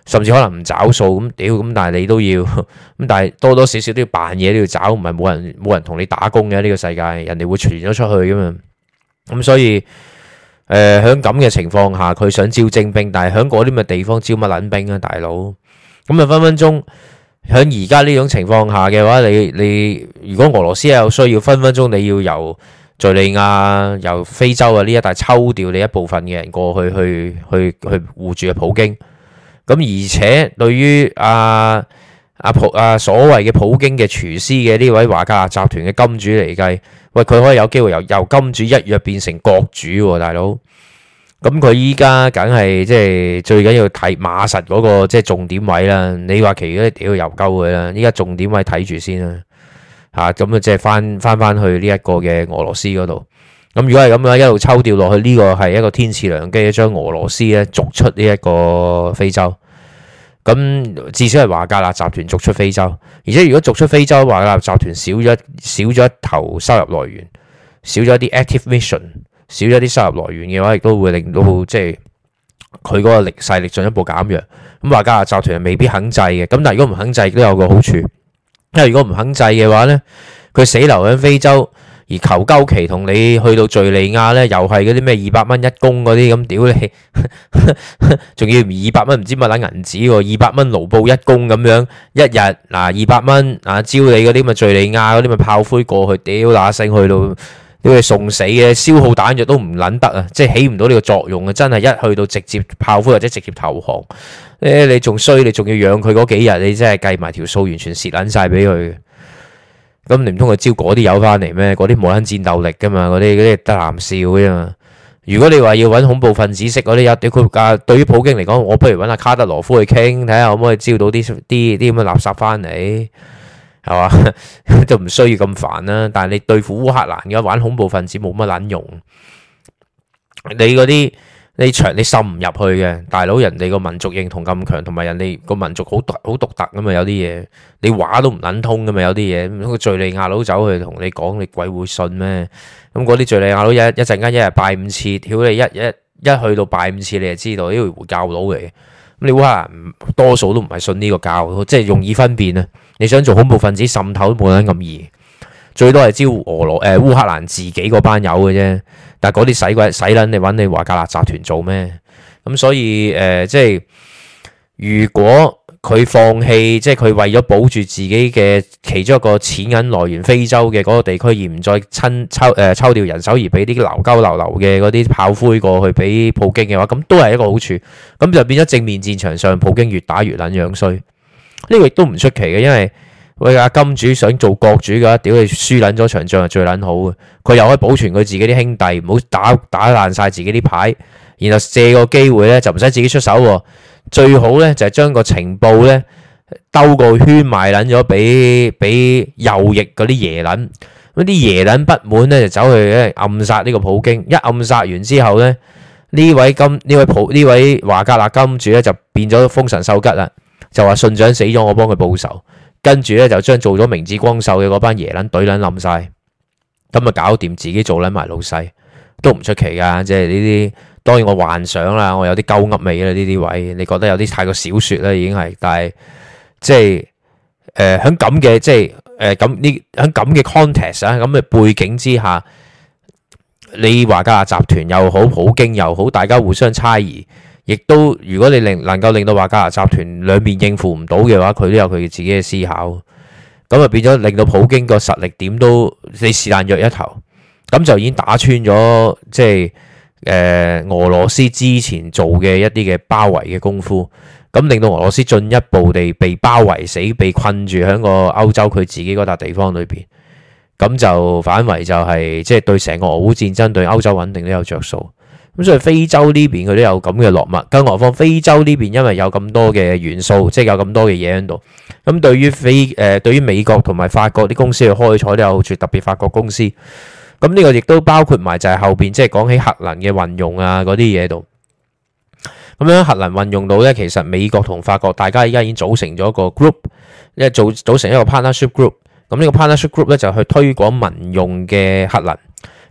甚至可能唔找數咁屌咁，但係你都要咁，但係多多少少都要扮嘢都要找，唔係冇人冇人同你打工嘅呢、這個世界，人哋會傳咗出去㗎嘛。咁所以。誒，喺咁嘅情況下，佢想招精兵，但係喺嗰啲咁嘅地方招乜撚兵啊，大佬！咁啊，分分鐘，喺而家呢種情況下嘅話，你你如果俄羅斯係有需要，分分鐘你要由敘利亞、由非洲啊，呢一帶抽調你一部分嘅人過去，去去去，去護住普京。咁而且對於阿，呃阿普阿所謂嘅普京嘅廚師嘅呢位華格納集團嘅金主嚟計，喂佢可以有機會由由金主一躍變成國主，啊，大佬。咁佢依家梗係即係最緊要睇馬實嗰個即係重點位啦。你話其他屌游鳩佢啦，依家重點位睇住先啦。吓咁啊，即係翻翻翻去呢一個嘅俄羅斯嗰度。咁如果係咁樣一路抽調落去呢個係一個天賜良機，將俄羅斯咧逐出呢一個非洲。咁至少係華格納集團逐出非洲，而且如果逐出非洲，華格納集團少咗少咗一頭收入來源，少咗啲 active mission，少咗啲收入來源嘅話，亦都會令到即係佢嗰個力勢力進一步減弱。咁華格納集團又未必肯制嘅，咁但係如果唔肯制都有個好處，因為如果唔肯制嘅話咧，佢死留喺非洲。而求救期同你去到敍利亞咧，又係嗰啲咩二百蚊一工嗰啲咁，屌你、啊，仲要二百蚊唔知乜撚銀紙喎，二百蚊盧布一工咁樣，一日嗱二百蚊啊，招你嗰啲咪敍利亞嗰啲咪炮灰過去，屌打聲去到，屌個送死嘅消耗彈藥都唔撚得啊！即係起唔到呢個作用啊！真係一去到直接炮灰或者直接投降，誒你仲衰，你仲要養佢嗰幾日，你真係計埋條數，完全蝕撚晒俾佢。咁你唔通佢招嗰啲友翻嚟咩？嗰啲冇人戰鬥力噶嘛，嗰啲啲得啖笑啫嘛。如果你話要搵恐怖分子識嗰啲，對佢架，對於普京嚟講，我不如搵阿卡德羅夫去傾，睇下可唔可以招到啲啲啲咁嘅垃圾翻嚟，係嘛？ *laughs* 就唔需要咁煩啦。但係你對付烏克蘭而家玩恐怖分子冇乜撚用，你嗰啲。你長你滲唔入去嘅，大佬人哋個民族認同咁強，同埋人哋個民族好好獨特啊嘛，有啲嘢你話都唔撚通噶嘛，有啲嘢咁個敘利亞佬走去同你講，你鬼會信咩？咁嗰啲敘利亞佬一一陣間一日拜五次，屌你一一一去到拜五次，你就知道呢個回教佬嚟嘅。咁烏克蘭多數都唔係信呢個教，個教，即係容易分辨啊！你想做恐怖分子滲透都冇得咁易。最多係招俄羅，誒、呃、烏克蘭自己嗰班友嘅啫，但係嗰啲使鬼使撚，你揾你華格納集團做咩？咁所以誒、呃，即係如果佢放棄，即係佢為咗保住自己嘅其中一個錢銀來源非洲嘅嗰個地區而，而唔再親抽誒抽掉抽調人手而俾啲流溝流流嘅嗰啲炮灰過去俾普京嘅話，咁都係一個好處，咁就變咗正面戰場上普京越打越撚樣衰，呢個亦都唔出奇嘅，因為。喂，阿金主想做國主嘅話，屌你輸撚咗場仗係最撚好嘅。佢又可以保存佢自己啲兄弟，唔好打打爛晒自己啲牌，然後借個機會咧就唔使自己出手。最好咧就係將個情報咧兜個圈賣撚咗俾俾右翼嗰啲爺撚，咁啲爺撚不滿咧就走去咧暗殺呢個普京。一暗殺完之後咧，呢位金呢位普呢位呢位華格納金主咧就變咗豐臣秀吉啦，就話信長死咗，我幫佢報仇。跟住咧就將做咗明智光秀嘅嗰班爺撚隊撚冧曬，咁啊搞掂自己做撚埋老細都唔出奇噶，即係呢啲當然我幻想啦，我有啲鳩噏味啦呢啲位，你覺得有啲太過小説啦已經係，但係即係誒喺咁嘅即係誒咁呢喺咁嘅 context 啊咁嘅背景之下，你話嘉亞集團又好，普京又好，大家互相猜疑。亦都，如果你令能，能夠令到瓦格納集團兩面應付唔到嘅話，佢都有佢自己嘅思考。咁啊變咗令到普京個實力點都，你是但弱一頭，咁就已經打穿咗，即係誒、呃、俄羅斯之前做嘅一啲嘅包圍嘅功夫，咁令到俄羅斯進一步地被包圍死、被困住響個歐洲佢自己嗰笪地方裏邊，咁就反為就係、是、即係對成個俄烏戰爭對歐洲穩定都有着數。咁所以非洲呢邊佢都有咁嘅落物，更何況非洲呢邊因為有咁多嘅元素，即係有咁多嘅嘢喺度。咁對於非誒對於美國同埋法國啲公司去開採都有處，特別法國公司。咁呢個亦都包括埋就係後邊即係講起核能嘅運用啊嗰啲嘢度。咁樣核能運用到咧，其實美國同法國大家依家已經組成咗一個 group，即係組組成一個 partnership group。咁呢個 partnership group 咧就去推廣民用嘅核能。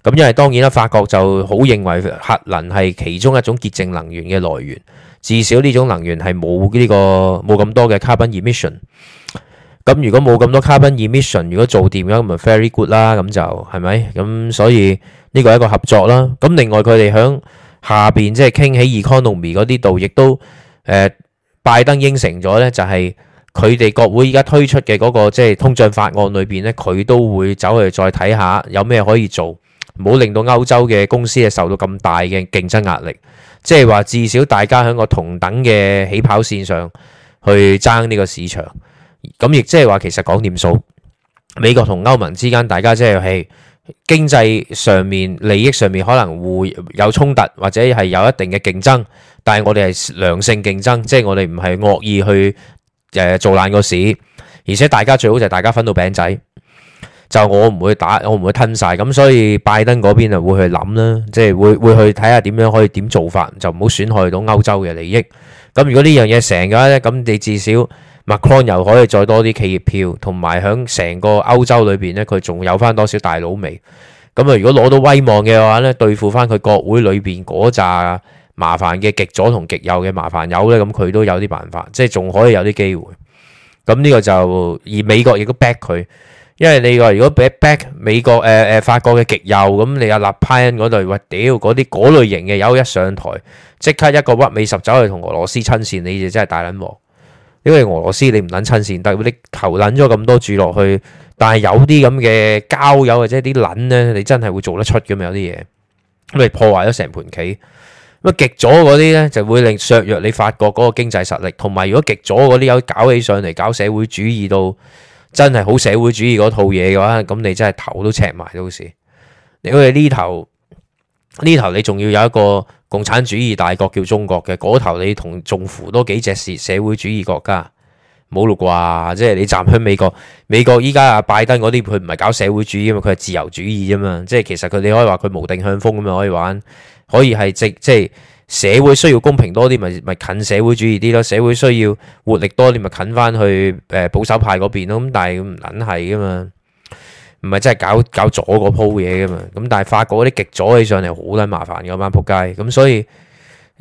咁因為當然啦，法國就好認為核能係其中一種潔淨能源嘅來源，至少呢種能源係冇呢個冇咁多嘅 carbon emission。咁如果冇咁多 carbon emission，如果做掂嘅咁，咪 very good 啦。咁就係咪？咁所以呢個係一個合作啦。咁另外佢哋響下邊即係傾起 economy 嗰啲度，亦都誒、呃、拜登應承咗呢，就係佢哋國會而家推出嘅嗰個即係通脹法案裏邊呢佢都會走去再睇下有咩可以做。唔好令到歐洲嘅公司係受到咁大嘅競爭壓力，即係話至少大家響個同等嘅起跑線上，去爭呢個市場，咁亦即係話其實講掂數，美國同歐盟之間大家即係係經濟上面利益上面可能會有衝突，或者係有一定嘅競爭，但係我哋係良性競爭，即係我哋唔係惡意去誒做爛個市，而且大家最好就係大家分到餅仔。就我唔會打，我唔會吞晒咁，所以拜登嗰邊就會去諗啦，即係會會去睇下點樣可以點做法，就唔好損害到歐洲嘅利益。咁如果呢樣嘢成嘅話咧，咁你至少 Macron 又可以再多啲企業票，同埋響成個歐洲裏邊咧，佢仲有翻多少大佬味。咁啊，如果攞到威望嘅話咧，對付翻佢國會裏邊嗰紮麻煩嘅極左同極右嘅麻煩友咧，咁佢都有啲辦法，即係仲可以有啲機會。咁呢個就而美國亦都 back 佢。因為你話如果 b a back 美國誒誒、呃、法國嘅極右咁，你阿、啊、立派恩嗰度，哇屌嗰啲嗰類型嘅友一上台即刻一個屈尾十走去同俄羅斯親善，你哋真係大卵王。因為俄羅斯你唔卵親善，但係你求卵咗咁多住落去，但係有啲咁嘅交友或者啲卵咧，你真係會做得出咁樣有啲嘢，咁你破壞咗成盤棋。咁啊極左嗰啲咧，就會令削弱你法國嗰個經濟實力，同埋如果極左嗰啲友搞起上嚟搞社會主義到。真係好社會主義嗰套嘢嘅話，咁你真係頭都赤埋。到時你因為呢頭呢頭你仲要有一個共產主義大國叫中國嘅，嗰頭你同仲扶多幾隻社社會主義國家冇啦啩？即係你站喺美國，美國依家阿拜登嗰啲佢唔係搞社會主義啊嘛，佢係自由主義啫嘛。即係其實佢你可以話佢無定向風咁樣可以玩，可以係即即。社會需要公平多啲，咪咪近社會主義啲咯；社會需要活力多啲，咪近翻去誒保守派嗰邊咯。咁但係唔捻係噶嘛，唔係真係搞搞咗嗰鋪嘢噶嘛。咁但係法國嗰啲極左起上嚟好捻麻煩嘅嘛。仆街。咁所以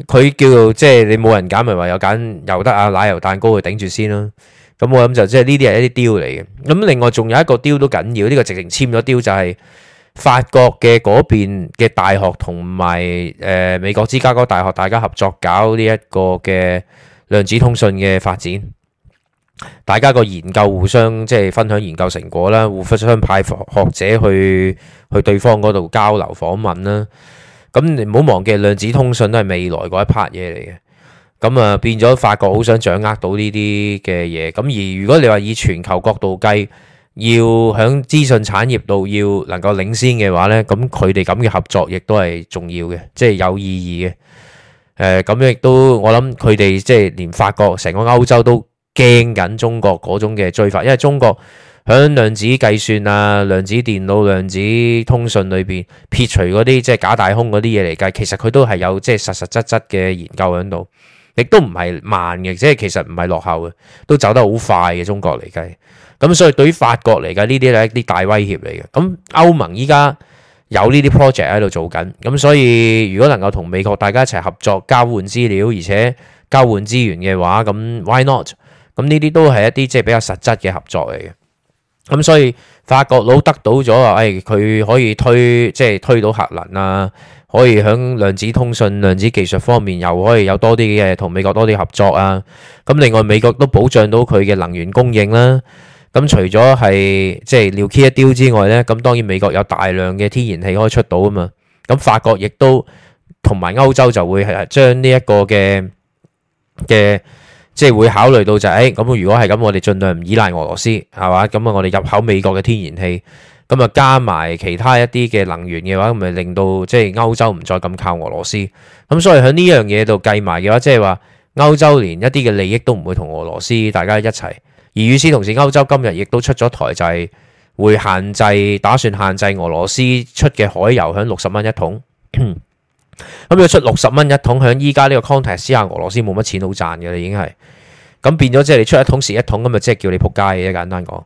佢叫即係你冇人揀，咪話有揀又得啊，奶油蛋糕去頂住先啦。咁我諗就即係呢啲係一啲雕嚟嘅。咁另外仲有一個雕都緊要，呢、這個直情簽咗雕就係、是。法國嘅嗰邊嘅大學同埋誒美國芝加哥大學，大家合作搞呢一個嘅量子通訊嘅發展，大家個研究互相即係、就是、分享研究成果啦，互相派學者去去對方嗰度交流訪問啦。咁你唔好忘記量子通訊都係未來嗰一 part 嘢嚟嘅。咁啊變咗法國好想掌握到呢啲嘅嘢。咁而如果你話以全球角度計。要喺資訊產業度要能夠領先嘅話呢，咁佢哋咁嘅合作亦都係重要嘅，即係有意義嘅。誒、呃，咁亦都我諗佢哋即係連法國成個歐洲都驚緊中國嗰種嘅追法，因為中國喺量子計算啊、量子電腦、量子通訊裏邊撇除嗰啲即係假大空嗰啲嘢嚟計，其實佢都係有即係實實質質嘅研究喺度，亦都唔係慢嘅，即係其實唔係落後嘅，都走得好快嘅中國嚟計。咁所以對於法國嚟講，呢啲係一啲大威脅嚟嘅。咁歐盟依家有呢啲 project 喺度做緊，咁所以如果能夠同美國大家一齊合作、交換資料，而且交換資源嘅話，咁 why not？咁呢啲都係一啲即係比較實質嘅合作嚟嘅。咁所以法國佬得到咗，誒佢可以推即係推到核能啊，可以喺量子通信、量子技術方面又可以有多啲嘅同美國多啲合作啊。咁另外美國都保障到佢嘅能源供應啦。咁除咗係即係料氣一丟之外呢，咁當然美國有大量嘅天然氣可以出到啊嘛。咁法國亦都同埋歐洲就會係將呢一個嘅嘅即係會考慮到就係，哎，咁。如果係咁，我哋盡量唔依賴俄羅斯，係嘛？咁我哋入口美國嘅天然氣，咁啊加埋其他一啲嘅能源嘅話，咁咪令到即係歐洲唔再咁靠俄羅斯。咁所以喺呢樣嘢度計埋嘅話，即係話歐洲連一啲嘅利益都唔會同俄羅斯大家一齊。而與此同時，歐洲今日亦都出咗台，就係會限制，打算限制俄羅斯出嘅海油，響六十蚊一桶。咁要 *coughs* 出六十蚊一桶，響依家呢個 context 下，俄羅斯冇乜錢好賺嘅啦，已經係。咁變咗即係你出一桶蝕一桶，咁啊即係叫你撲街嘅，簡單講。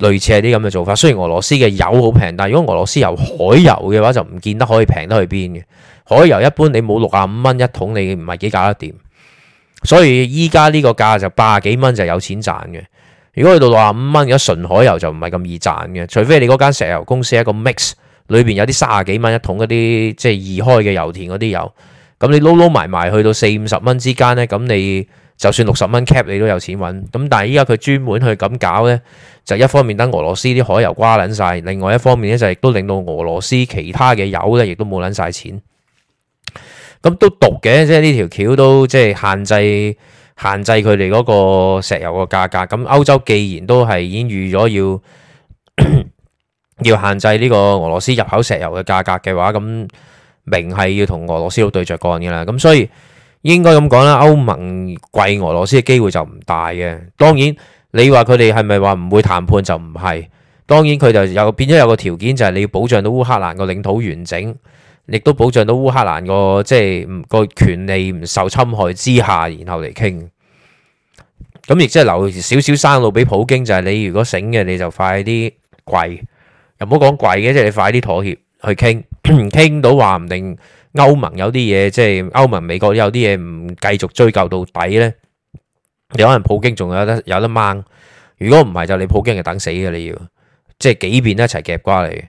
類似啲咁嘅做法。雖然俄羅斯嘅油好平，但係如果俄羅斯油海油嘅話，就唔見得可以平得去邊嘅。海油一般你冇六十五蚊一桶，你唔係幾搞得掂。所以依家呢個價就八十幾蚊就有錢賺嘅。如果去到六十五蚊，如果純海油就唔係咁易賺嘅。除非你嗰間石油公司係一個 mix，裏邊有啲三十幾蚊一桶嗰啲，即係易開嘅油田嗰啲油。咁你撈撈埋埋去到四五十蚊之間呢，咁你就算六十蚊 cap 你都有錢搵。咁但係依家佢專門去咁搞呢，就一方面等俄羅斯啲海油瓜捻晒，另外一方面呢，就亦都令到俄羅斯其他嘅油呢，亦都冇捻晒錢。咁都毒嘅，即係呢條橋都即係限制限制佢哋嗰個石油嘅價格。咁歐洲既然都係已經預咗要 *coughs* 要限制呢個俄羅斯入口石油嘅價格嘅話，咁明係要同俄羅斯佬對着幹嘅啦。咁所以應該咁講啦，歐盟跪俄羅斯嘅機會就唔大嘅。當然你話佢哋係咪話唔會談判就唔係。當然佢就有變咗有個條件，就係你要保障到烏克蘭個領土完整。亦都保障到烏克蘭個即係個權利唔受侵害之下，然後嚟傾。咁亦即係留少少生路俾普京，就係你如果醒嘅，你就快啲跪，又唔好講跪嘅，即係你快啲妥協去傾，傾到話唔定歐盟有啲嘢，即係歐盟美國有啲嘢唔繼續追究到底呢，有可能普京仲有得有得掹。如果唔係就你普京就等死嘅，你要即係幾邊都一齊夾瓜你。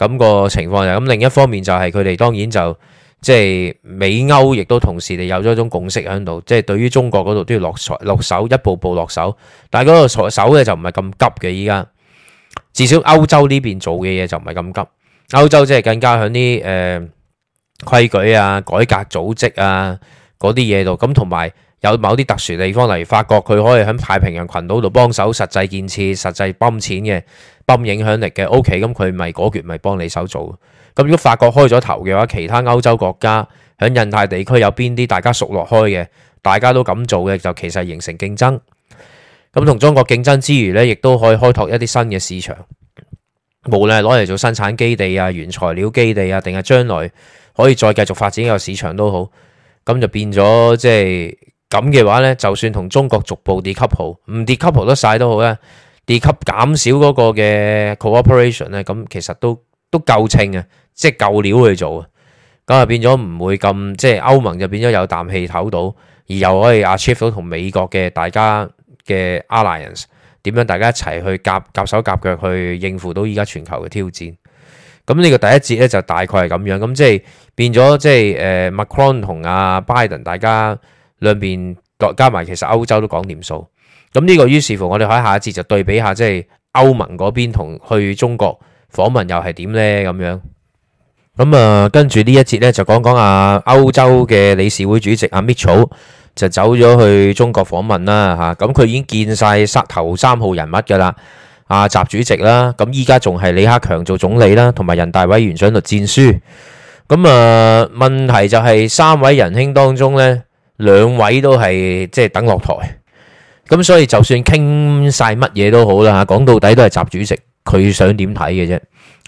咁個情況就咁，另一方面就係佢哋當然就即係、就是、美歐亦都同時地有咗一種共識喺度，即、就、係、是、對於中國嗰度都要落手落手，一步步落手。但係嗰度落手咧就唔係咁急嘅，依家至少歐洲呢邊做嘅嘢就唔係咁急。歐洲即係更加喺啲誒規矩啊、改革組織啊嗰啲嘢度，咁同埋。有某啲特殊地方，例如法國，佢可以喺太平洋群島度幫手實際建設、實際泵錢嘅、泵影響力嘅。O.K. 咁佢咪嗰橛咪幫你手做？咁如果法國開咗頭嘅話，其他歐洲國家喺印太地區有邊啲大家熟落開嘅，大家都咁做嘅，就其實形成競爭。咁同中國競爭之餘呢，亦都可以開拓一啲新嘅市場，無論係攞嚟做生產基地啊、原材料基地啊，定係將來可以再繼續發展一個市場都好。咁就變咗即係。咁嘅話呢，就算同中國逐步 decouple，唔 decouple 得晒都好咧，decouple 減少嗰個嘅 cooperation 呢，咁其實都都夠秤啊，即係夠料去做啊，咁啊變咗唔會咁即係歐盟就變咗有啖氣唞到，而又可以 achieve 到同美國嘅大家嘅 alliance，點樣大家一齊去夾夾手夾腳去應付到依家全球嘅挑戰。咁呢個第一節呢就大概係咁樣，咁即係變咗即係誒 Macron 同阿 Biden 大家。兩邊加埋，其實歐洲都講掂數。咁呢個於是乎，我哋喺下一節就對比下，即係歐盟嗰邊同去中國訪問又係點呢？咁樣。咁啊、嗯，跟住呢一節呢，就講講啊，歐洲嘅理事會主席阿 Mitchell 就走咗去中國訪問啦吓。咁、啊、佢已經見晒頭三號人物噶啦，啊，習主席啦。咁依家仲係李克強做總理啦，同埋人大委員長栗戰書。咁啊，問題就係三位仁兄當中呢。兩位都係即係等落台，咁所以就算傾晒乜嘢都好啦嚇，講到底都係習主席佢想點睇嘅啫。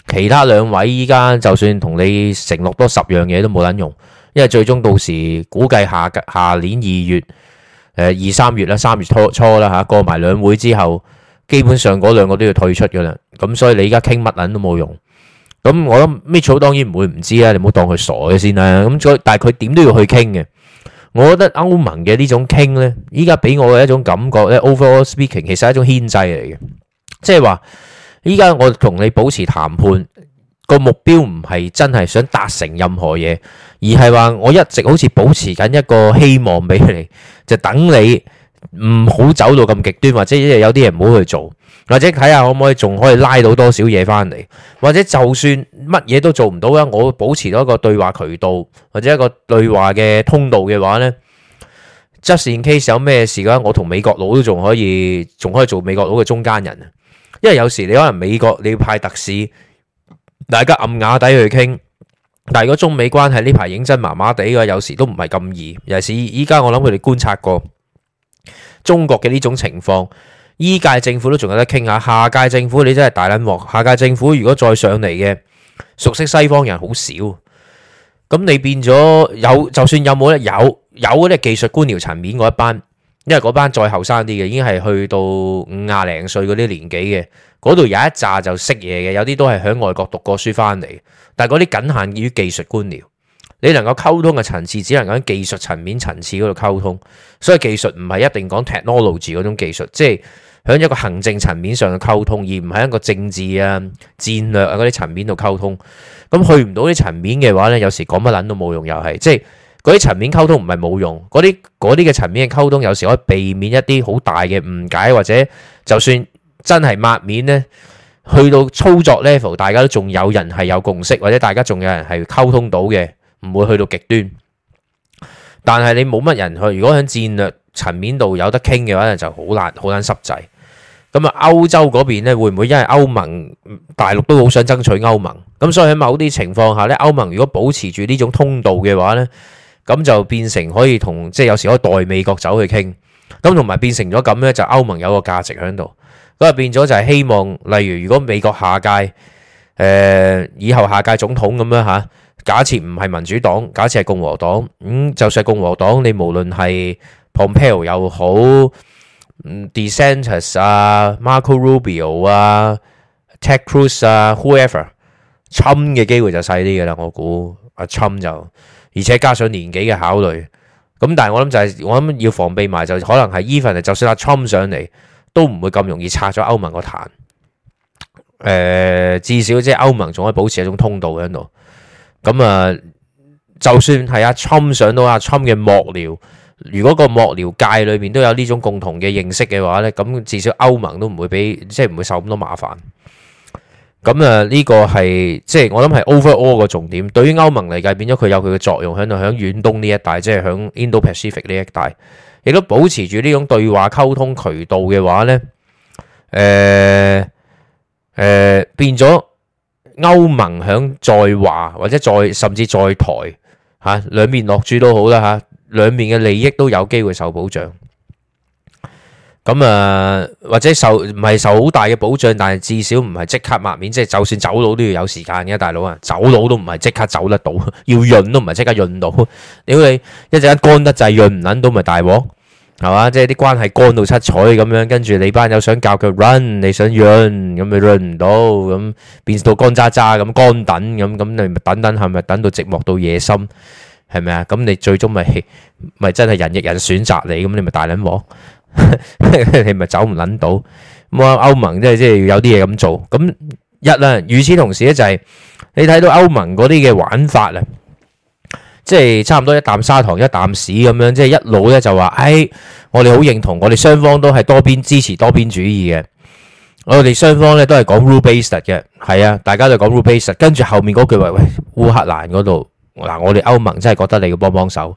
其他兩位依家就算同你承諾多十樣嘢都冇卵用，因為最終到時估計下下年二月，誒，二三月啦，三月初初啦嚇，過埋兩會之後，基本上嗰兩個都要退出噶啦。咁所以你依家傾乜卵都冇用。咁我諗 Mitchell 當然唔會唔知啊，你唔好當佢傻嘅先啦。咁所以但係佢點都要去傾嘅。我覺得歐盟嘅呢種傾呢，依家俾我嘅一種感覺咧，overall speaking，其實係一種牽制嚟嘅，即係話依家我同你保持談判個目標唔係真係想達成任何嘢，而係話我一直好似保持緊一個希望俾你，就等你唔好走到咁極端，或者有啲嘢唔好去做。或者睇下可唔可以仲可以拉到多少嘢翻嚟，或者就算乜嘢都做唔到咧，我保持到一個對話渠道或者一個對話嘅通道嘅話呢，Just in case 有咩事嘅話，嗯、我同美國佬都仲可以仲可以做美國佬嘅中間人啊。因為有時你可能美國你要派特使，大家暗瓦底去傾，但係如果中美關係呢排認真麻麻地嘅，有時都唔係咁易。尤其是依家我諗佢哋觀察過中國嘅呢種情況。依屆政府都仲有得傾下，下屆政府你真係大卵鑊。下屆政府如果再上嚟嘅，熟悉西方人好少。咁你變咗有，就算有冇咧，有有嗰啲技術官僚層面嗰一班，因為嗰班再後生啲嘅，已經係去到五十零歲嗰啲年紀嘅，嗰度有一紮就識嘢嘅，有啲都係響外國讀過書翻嚟，但係嗰啲僅限於技術官僚。你能夠溝通嘅層次，只能夠喺技術層面層次嗰度溝通，所以技術唔係一定講 technology 嗰種技術，即係喺一個行政層面上嘅溝通，而唔喺一個政治啊、戰略啊嗰啲層面度溝通。咁去唔到啲層面嘅話呢，有時講乜撚都冇用，又係即係嗰啲層面溝通唔係冇用，嗰啲嗰啲嘅層面嘅溝通，有時可以避免一啲好大嘅誤解，或者就算真係抹面呢，去到操作 level，大家都仲有人係有共識，或者大家仲有人係溝通到嘅。唔會去到極端，但係你冇乜人去。如果喺戰略層面度有得傾嘅話，就好難好難濕滯。咁啊，歐洲嗰邊咧，會唔會因為歐盟大陸都好想爭取歐盟？咁所以喺某啲情況下咧，歐盟如果保持住呢種通道嘅話呢，咁就變成可以同，即係有時可以代美國走去傾。咁同埋變成咗咁咧，就歐盟有個價值喺度。咁啊，變咗就係希望，例如如果美國下屆誒、呃、以後下屆總統咁樣吓。假設唔係民主黨，假設係共和黨咁、嗯，就算共和黨，你無論係 Pompeo 又好，嗯 DeSantis 啊，Marco Rubio 啊，Ted Cruz 啊，whoever，侵嘅機會就細啲嘅啦。我估阿侵就，而且加上年紀嘅考慮，咁但係我諗就係、是、我諗要防備埋就可能係 Even 就算阿侵上嚟都唔會咁容易拆咗歐盟個壇，誒、呃、至少即係歐盟仲可以保持一種通道喺度。咁啊，就算係阿 Trump 上到阿 Trump 嘅幕僚，如果個幕僚界裏面都有呢種共同嘅認識嘅話呢，咁至少歐盟都唔會俾，即係唔會受咁多麻煩。咁啊，呢個係即係我諗係 overall 嘅重點。對於歐盟嚟計，變咗佢有佢嘅作用喺度，喺遠東呢一帶，即係喺 Indo-Pacific 歐盟響在華，或者在甚至在台吓，兩面落注都好啦吓，兩面嘅利益都有機會受保障。咁誒或者受唔係受好大嘅保障，但係至少唔係即刻抹面，即係就算走佬都要有時間嘅，大佬啊，走佬都唔係即刻走得到，要潤都唔係即刻潤到，屌你一陣間乾得滯潤唔捻到咪大鑊？係嘛，即係啲關係乾到七彩咁樣，跟住你班友想教佢 run，你想 run，咁你 run 唔到，咁變到乾渣渣咁，乾等咁，咁你咪等等，係咪等到寂寞到夜深，係咪啊？咁你最終咪、就、咪、是就是、真係人亦人選擇你，咁你咪大捻鑊， *laughs* 你咪走唔捻到。咁啊，歐盟即係即係要有啲嘢咁做。咁一啦，與此同時咧就係、是、你睇到歐盟嗰啲嘅玩法咧。即係差唔多一啖砂糖一啖屎咁樣，即係一路咧就話，誒，我哋好認同，我哋雙方都係多邊支持多邊主義嘅。我哋雙方咧都係講 rule based 嘅，係啊，大家都講 rule based。跟住後面嗰句話，喂，烏克蘭嗰度，嗱，我哋歐盟真係覺得你要幫幫手。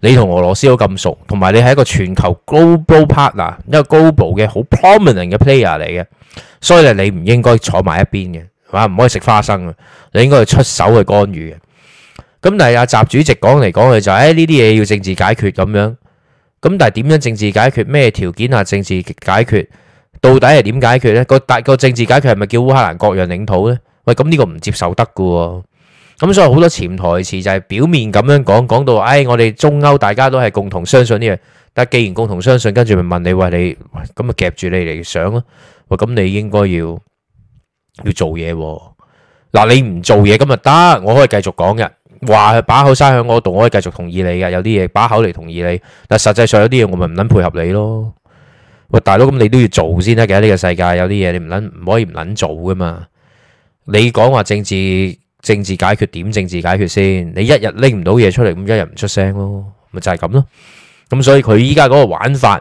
你同俄羅斯都咁熟，同埋你係一個全球 global partner，一個 global 嘅好 prominent 嘅 player 嚟嘅，所以咧你唔應該坐埋一邊嘅，係嘛？唔可以食花生嘅，你應該去出手去干預嘅。咁但係阿習主席講嚟講去就係呢啲嘢要政治解決咁樣，咁但係點樣政治解決？咩條件啊？政治解決到底係點解決咧？個大個政治解決係咪叫烏克蘭割讓領土咧？喂，咁呢個唔接受得噶。咁所以好多潛台詞就係表面咁樣講講到誒，我哋中歐大家都係共同相信呢樣，但係既然共同相信，跟住咪問你喂，你咁咪夾住你嚟想咯，喂，咁你應該要要做嘢嗱，你唔做嘢咁咪得，我可以繼續講嘅。話把口塞響我度，我可以繼續同意你嘅。有啲嘢把口嚟，同意你，但係實際上有啲嘢我咪唔捻配合你咯。喂，大佬，咁你都要做先得嘅。呢個世界有啲嘢你唔捻唔可以唔捻做噶嘛。你講話政治，政治解決點政治解決先？你一日拎唔到嘢出嚟，咁一日唔出聲咯，咪就係咁咯。咁所以佢依家嗰個玩法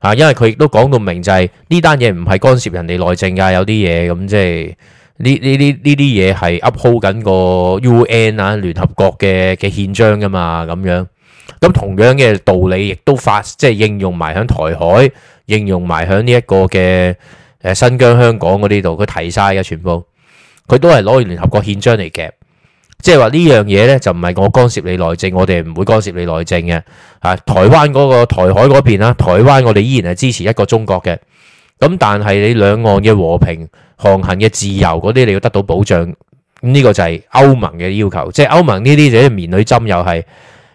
啊，因為佢亦都講到明就係呢單嘢唔係干涉人哋內政噶，有啲嘢咁即係。呢呢啲呢啲嘢係 uphold 緊個 UN 啊聯合國嘅嘅憲章㗎嘛，咁樣，咁同樣嘅道理亦都發即係應用埋響台海，應用埋響呢一個嘅誒新疆香港嗰啲度，佢提晒嘅全部，佢都係攞聯合國憲章嚟夾，即係話呢樣嘢咧就唔係我干涉你內政，我哋唔會干涉你內政嘅嚇。台灣嗰個台海嗰邊啦，台灣我哋依然係支持一個中國嘅。咁但係你兩岸嘅和平航行嘅自由嗰啲你要得到保障，呢個就係歐盟嘅要求，即係歐盟呢啲就係棉裏針又係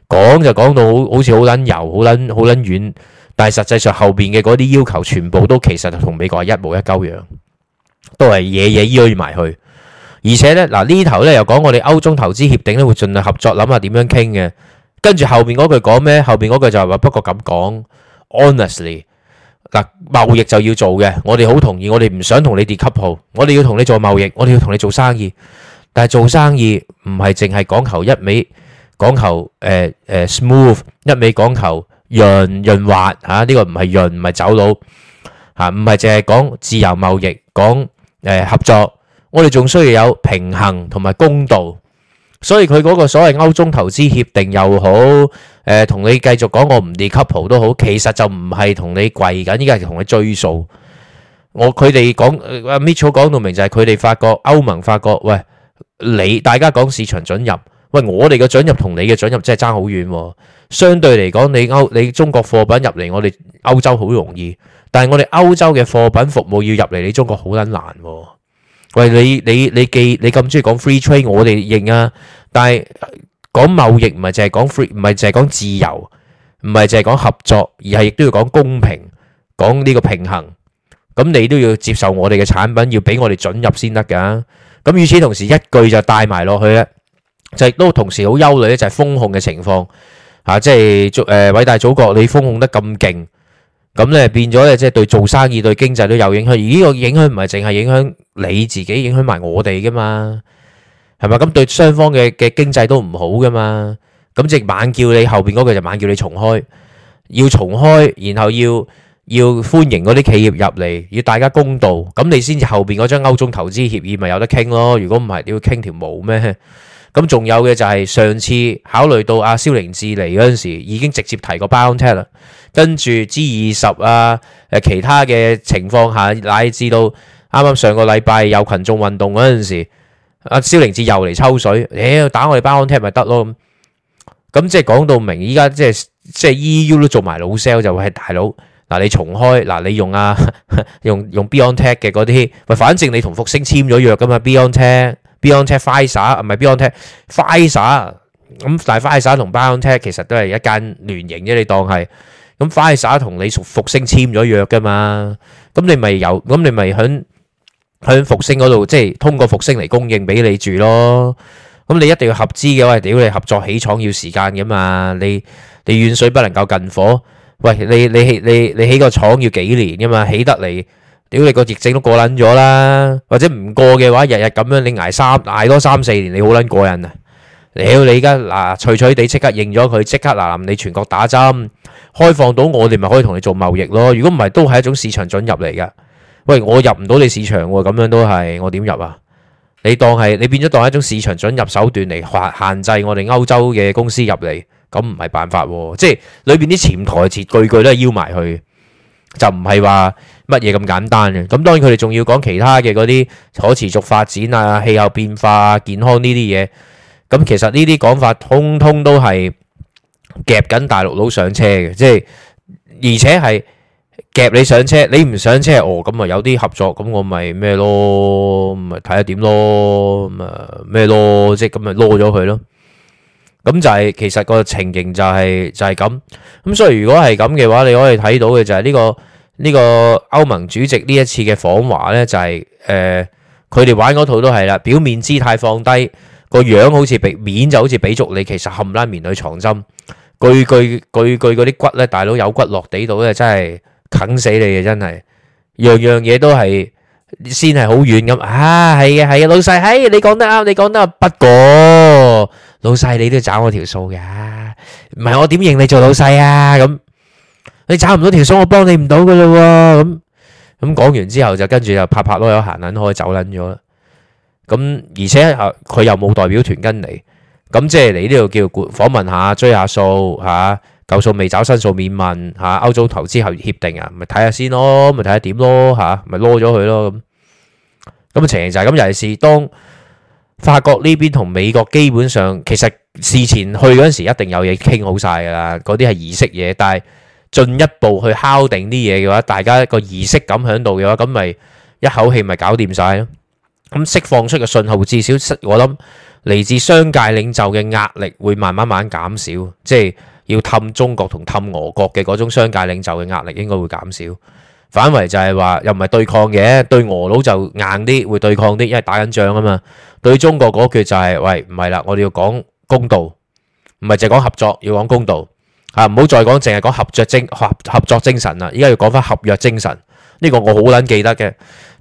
講就講到好好似好撚油、好撚好撚軟，但係實際上後邊嘅嗰啲要求全部都其實同美國係一模一鳩樣，都係嘢嘢依埋去。而且呢，嗱呢頭呢又講我哋歐中投資協定呢會盡量合作想想，諗下點樣傾嘅。跟住後面嗰句講咩？後面嗰句就係話不過咁講，honestly。嗱，貿易就要做嘅，我哋好同意，我哋唔想同你 de-couple，我哋要同你做貿易，我哋要同你做生意，但係做生意唔係淨係講求一味講求誒誒、呃呃、smooth，一味講求潤潤滑嚇，呢、啊這個唔係潤唔係走佬嚇，唔係淨係講自由貿易，講誒、呃、合作，我哋仲需要有平衡同埋公道。所以佢嗰個所謂歐中投資協定又好，誒、呃、同你繼續講我唔 decouple 都好，其實就唔係同你跪緊，依家係同你追數。我佢哋講阿 Mitchell 講到明就係佢哋發覺歐盟發覺，喂你大家講市場准入，喂我哋嘅准入同你嘅准入真係爭好遠喎、啊。相對嚟講，你歐你中國貨品入嚟我哋歐洲好容易，但係我哋歐洲嘅貨品服務要入嚟你中國好撚難喎、啊。喂，你你你記，你咁中意講 free trade，我哋認啊。但係講貿易唔係淨係講 free，唔係淨係講自由，唔係淨係講合作，而係亦都要講公平，講呢個平衡。咁你都要接受我哋嘅產品，要畀我哋准入先得噶。咁與此同時，一句就帶埋落去咧，就亦都同時好憂慮咧，就係封控嘅情況吓，即係祖誒偉大祖國，你封控得咁勁。咁咧變咗咧，即係對做生意、對經濟都有影響。而呢個影響唔係淨係影響你自己，影響埋我哋噶嘛，係咪？咁對雙方嘅嘅經濟都唔好噶嘛。咁即係猛叫你後邊嗰句就猛叫你重開，要重開，然後要要歡迎嗰啲企業入嚟，要大家公道，咁你先至後邊嗰張歐中投資協議咪有得傾咯？如果唔係，你要傾條毛咩？咁仲有嘅就係上次考慮到阿蕭凌志嚟嗰陣時，已經直接提過 BioNTech 啦，跟住 G 二十啊，誒其他嘅情況下，乃至到啱啱上個禮拜有羣眾運動嗰陣時，阿蕭凌志又嚟抽水，誒打我哋 BioNTech 咪得咯？咁即係講到明，依家即係即係 EU 都做埋老 sell 就係大佬嗱，你重開嗱，你用啊用用 BioNTech 嘅嗰啲，咪反正你同復星簽咗約噶嘛 BioNTech。BioNTech、Pfizer 唔係 BioNTech、Pfizer，咁但係 Pfizer 同 BioNTech 其實都係一間聯營啫，你當係。咁 Pfizer 同你屬復星簽咗約噶嘛？咁你咪有，咁你咪響響復星嗰度，即係通過復星嚟供應俾你住咯。咁你一定要合資嘅話，屌你合作起廠要時間噶嘛。你你遠水不能救近火，喂你你起你你起個廠要幾年噶嘛，起得嚟。屌你個疫症都過捻咗啦，或者唔過嘅話，日日咁樣你挨三挨多三四年，你好捻過癮啊？屌你而家嗱，脆脆地即刻認咗佢，即刻嗱嗱你全國打針開放到，我哋咪可以同你做貿易咯。如果唔係都係一種市場准入嚟㗎。喂，我入唔到你市場喎，咁樣都係我點入啊？你當係你變咗當一種市場准入手段嚟限限制我哋歐洲嘅公司入嚟，咁唔係辦法喎。即係裏邊啲潛台詞句句都係要埋去，就唔係話。乜嘢咁簡單嘅？咁當然佢哋仲要講其他嘅嗰啲可持續發展啊、氣候變化、健康呢啲嘢。咁其實呢啲講法通通都係夾緊大陸佬上車嘅，即係而且係夾你上車，你唔上車哦。咁咪有啲合作，咁我咪咩咯？咪睇下點咯？咪咩咯？即係咁咪囉咗佢咯。咁就係其實個情形就係就係咁。咁所以如果係咁嘅話，你可以睇到嘅就係呢個。呢個歐盟主席呢一次嘅訪華呢，就係、是、誒，佢、呃、哋玩嗰套都係啦，表面姿態放低，個樣好似面就好似俾足你，其實冚啦面去藏針，句句句句嗰啲骨咧，大佬有骨落地度，咧，真係啃死你啊！真係樣樣嘢都係先係好軟咁啊！係嘅係嘅，老細，嘿、哎，你講得啱，你講得，不過老細你都找我條數噶，唔係我點認你做老細啊？咁。你找唔到條數，我幫你唔到噶啦喎。咁咁講完之後，就跟住就拍拍攞咗閒捻開，走捻咗啦。咁而且啊，佢又冇代表團跟嚟。咁即係嚟呢度叫訪問下，追下數吓，舊數未找新數面問吓。歐洲投資協協定啊，咪睇下先咯，咪睇下點咯吓，咪攞咗佢咯咁。咁啊，情形就係咁，尤其是當法國呢邊同美國基本上，其實事前去嗰陣時一定有嘢傾好晒噶啦，嗰啲係儀式嘢，但係。進一步去敲定啲嘢嘅話，大家個儀式感喺度嘅話，咁咪一口氣咪搞掂曬咯。咁釋放出嘅信號，至少我諗嚟自商界領袖嘅壓力會慢慢慢減少，即係要氹中國同氹俄國嘅嗰種商界領袖嘅壓力應該會減少。反為就係話又唔係對抗嘅，對俄佬就硬啲會對抗啲，因為打緊仗啊嘛。對中國嗰句就係：喂，唔係啦，我哋要講公道，唔係淨係講合作，要講公道。啊，唔好再講，淨係講合作精合合作精神啦！而家要講翻合約精神，呢個我好捻記得嘅。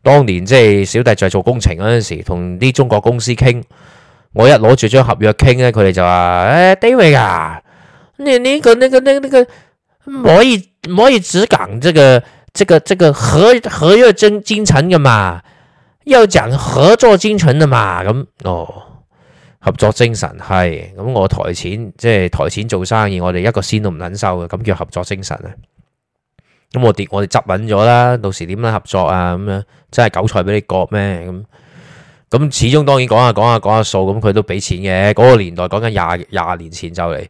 當年即係小弟在做工程嗰陣時，同啲中國公司傾，我一攞住張合約傾咧，佢哋就話：誒，David 啊，你呢個呢個呢個呢個，唔可以唔可以只講呢個呢個呢個合合約精精神嘅嘛，要講合作精神嘅嘛咁、嗯，哦。合作精神係，咁我台錢即係台錢做生意，我哋一個仙都唔肯收嘅，咁叫合作精神啊！咁我哋，我哋執穩咗啦，到時點樣合作啊？咁樣真係韭菜俾你割咩？咁咁始終當然講下講下講下數，咁佢都俾錢嘅。嗰個年代講緊廿廿年前就嚟，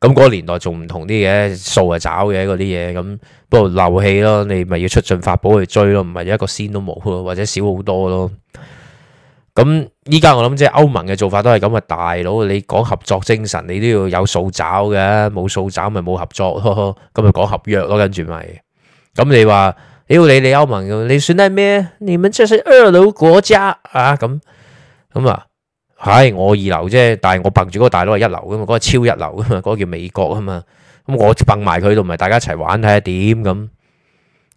咁嗰個年代仲唔同啲嘅數係找嘅嗰啲嘢，咁不過漏氣咯。你咪要出盡法寶去追咯，唔係一個仙都冇咯，或者少好多咯。咁依家我諗，即係歐盟嘅做法都係咁啊大佬，你講合作精神，你都要有數圍嘅，冇數圍咪冇合作咯。咁咪講合約咯，跟住咪。咁你話屌你你歐盟，你算得咩？你們這是二流國家啊！咁咁啊，係我二流啫，但係我揼住個大佬係一流噶嘛，嗰個超一流噶嘛，嗰個叫美國啊嘛。咁我揼埋佢同埋大家一齊玩睇下點咁。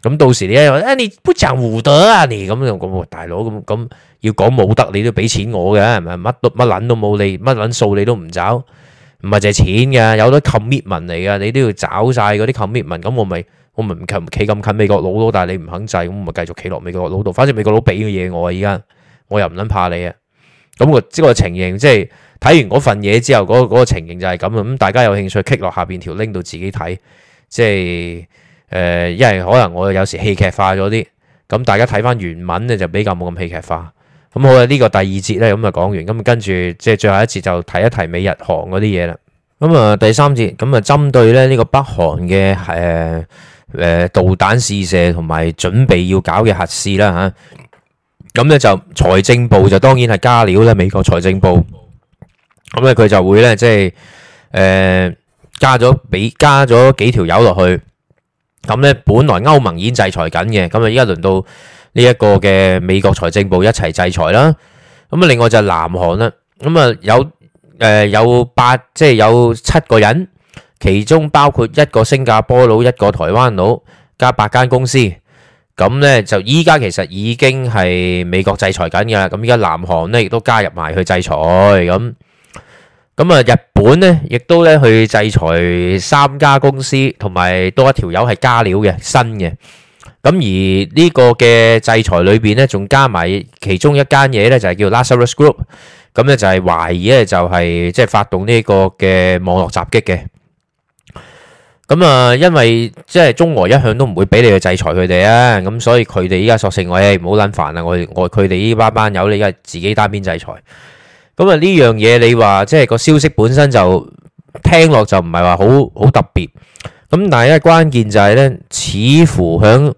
咁到時你話，誒你不成得德啊，你咁樣講，大佬咁咁要講冇得，你都俾錢我嘅係咪？乜都乜捻都冇，你乜捻數你都唔找，唔係淨係錢嘅，有得 commitment 嚟嘅，你都要找晒嗰啲 commitment。咁我咪我咪唔企咁近美國佬咯，但係你唔肯制，咁咪繼續企落美國佬度。反正美國佬俾嘅嘢我啊，依家我又唔捻怕你啊。咁我即係情形，即係睇完嗰份嘢之後，嗰、那、嗰個情形、那個、就係咁啊。咁大家有興趣 click 落下邊條 link 度自己睇，即係。誒，因為可能我有時戲劇化咗啲，咁大家睇翻原文咧就比較冇咁戲劇化。咁好啦，呢、這個第二節咧咁就講完，咁跟住即係最後一節就提一提美日韓嗰啲嘢啦。咁、嗯、啊，第三節咁啊，針、嗯、對咧呢個北韓嘅誒誒導彈試射同埋準備要搞嘅核試啦吓，咁、啊、咧、嗯、就財政部就當然係加料啦，美國財政部，咁咧佢就會咧即係誒、呃、加咗俾加咗幾條友落去。咁咧，本來歐盟已經制裁緊嘅，咁啊，依家輪到呢一個嘅美國財政部一齊制裁啦。咁啊，另外就係南韓啦，咁啊有誒有八，即係有七個人，其中包括一個新加坡佬、一個台灣佬加八間公司。咁咧就依家其實已經係美國制裁緊嘅啦。咁依家南韓咧亦都加入埋去制裁咁。咁啊，日本咧，亦都咧去制裁三家公司，同埋多一條友係加料嘅新嘅。咁而呢個嘅制裁裏邊咧，仲加埋其中一間嘢咧，就係叫 Lazarus Group。咁咧就係懷疑咧，就係即係發動呢個嘅網絡襲擊嘅。咁啊，因為即係中俄一向都唔會俾你去制裁佢哋啊。咁所以佢哋依家索性話咧，唔好捻煩啦。我我佢哋呢班班友，你依家自己單邊制裁。咁啊呢樣嘢你話即係個消息本身就聽落就唔係話好好特別，咁但係一關鍵就係咧，似乎響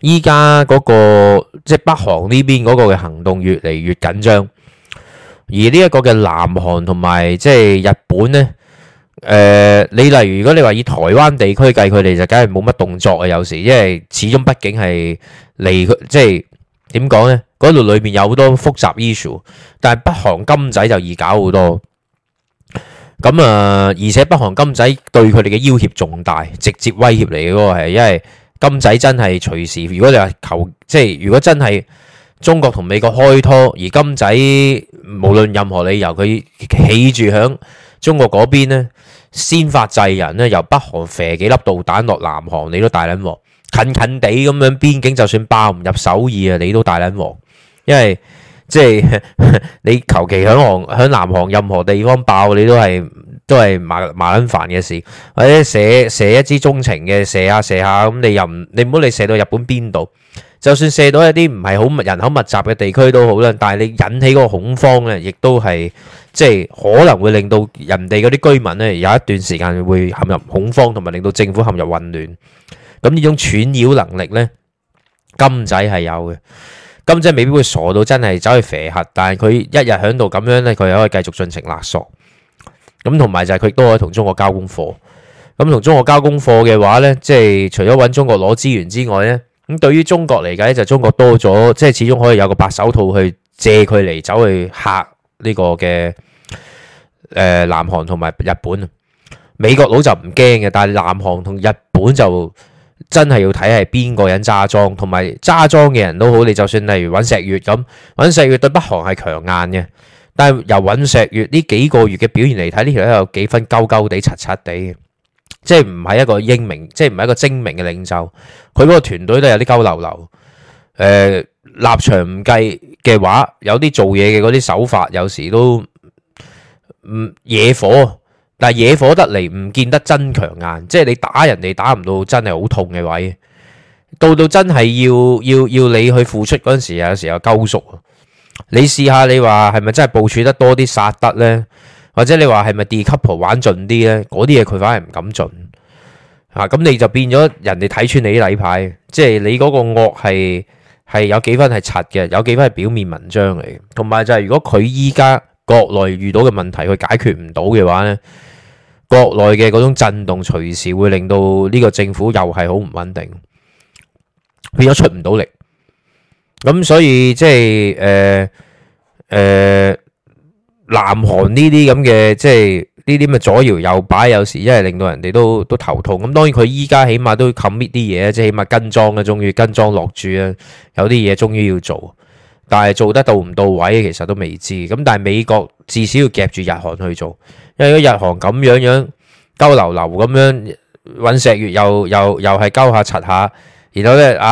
依家嗰個即係、就是、北韓呢邊嗰個嘅行動越嚟越緊張，而呢一個嘅南韓同埋即係日本咧，誒、呃，你例如如果你話以台灣地區計，佢哋就梗係冇乜動作啊，有時因為始終畢竟係離佢即係。就是點講呢？嗰度裏面有好多複雜 issue，但係北韓金仔就易搞好多。咁啊，而且北韓金仔對佢哋嘅要挾重大，直接威脅嚟嘅嗰個係，因為金仔真係隨時，如果你話求，即係如果真係中國同美國開拖，而金仔無論任何理由，佢企住響中國嗰邊呢，先發制人咧，由北韓射幾粒導彈落南韓，你都大捻鑊。近近地咁樣邊境，就算爆唔入首爾啊，你都大撚王，因為即係 *laughs* 你求其響航響南韓任何地方爆，你都係都係麻麻撚煩嘅事。或者射射一支中程嘅射下射下，咁、嗯、你又唔你唔好你射到日本邊度，就算射到一啲唔係好人口密集嘅地區都好啦。但係你引起嗰個恐慌咧，亦都係即係可能會令到人哋嗰啲居民咧，有一段時間會陷入恐慌，同埋令到政府陷入混亂。咁呢種串擾能力咧，金仔係有嘅。金仔未必會傻到真係走去廢核，但係佢一日喺度咁樣咧，佢又可以繼續盡情勒索。咁同埋就係佢亦都可以同中國交功課。咁同中國交功課嘅話咧，即係除咗揾中國攞資源之外咧，咁對於中國嚟講咧，就中國多咗，即係始終可以有個白手套去借佢嚟走去嚇呢個嘅誒南韓同埋日本。美國佬就唔驚嘅，但係南韓同日本就。真係要睇係邊個人揸莊，同埋揸莊嘅人都好。你就算例如尹錫悅咁，尹錫悅對北韓係強硬嘅，但係由尹錫悅呢幾個月嘅表現嚟睇，呢條友有幾分鳩鳩地、柒柒地嘅，即係唔係一個英明，即係唔係一個精明嘅領袖。佢嗰個團隊都有啲鳩流流。誒、呃，立場唔計嘅話，有啲做嘢嘅嗰啲手法有時都唔惹、嗯、火。但係惹火得嚟唔見得真強硬，即係你打人哋打唔到真係好痛嘅位，到到真係要要要你去付出嗰陣時，有時候鳩縮。你試下你話係咪真係部署得多啲殺得呢？或者你話係咪 decouple 玩盡啲呢？嗰啲嘢佢反而唔敢盡啊！咁你就變咗人哋睇穿你啲底牌，即係你嗰個惡係係有幾分係柒嘅，有幾分係表面文章嚟嘅。同埋就係如果佢依家國內遇到嘅問題佢解決唔到嘅話呢。國內嘅嗰種震動隨時會令到呢個政府又係好唔穩定，變咗出唔到力。咁所以即係誒誒，南韓呢啲咁嘅，即係呢啲咁嘅左搖右擺，有時一係令到人哋都都頭痛。咁當然佢依家起碼都 commit 啲嘢，即係起碼跟莊啦，終於跟莊落住啦，有啲嘢終於要做，但係做得到唔到位，其實都未知。咁但係美國至少要夾住日韓去做。因為如果日韓咁樣樣溝流流咁樣，尹錫悅又又又係溝下窒下，然後咧阿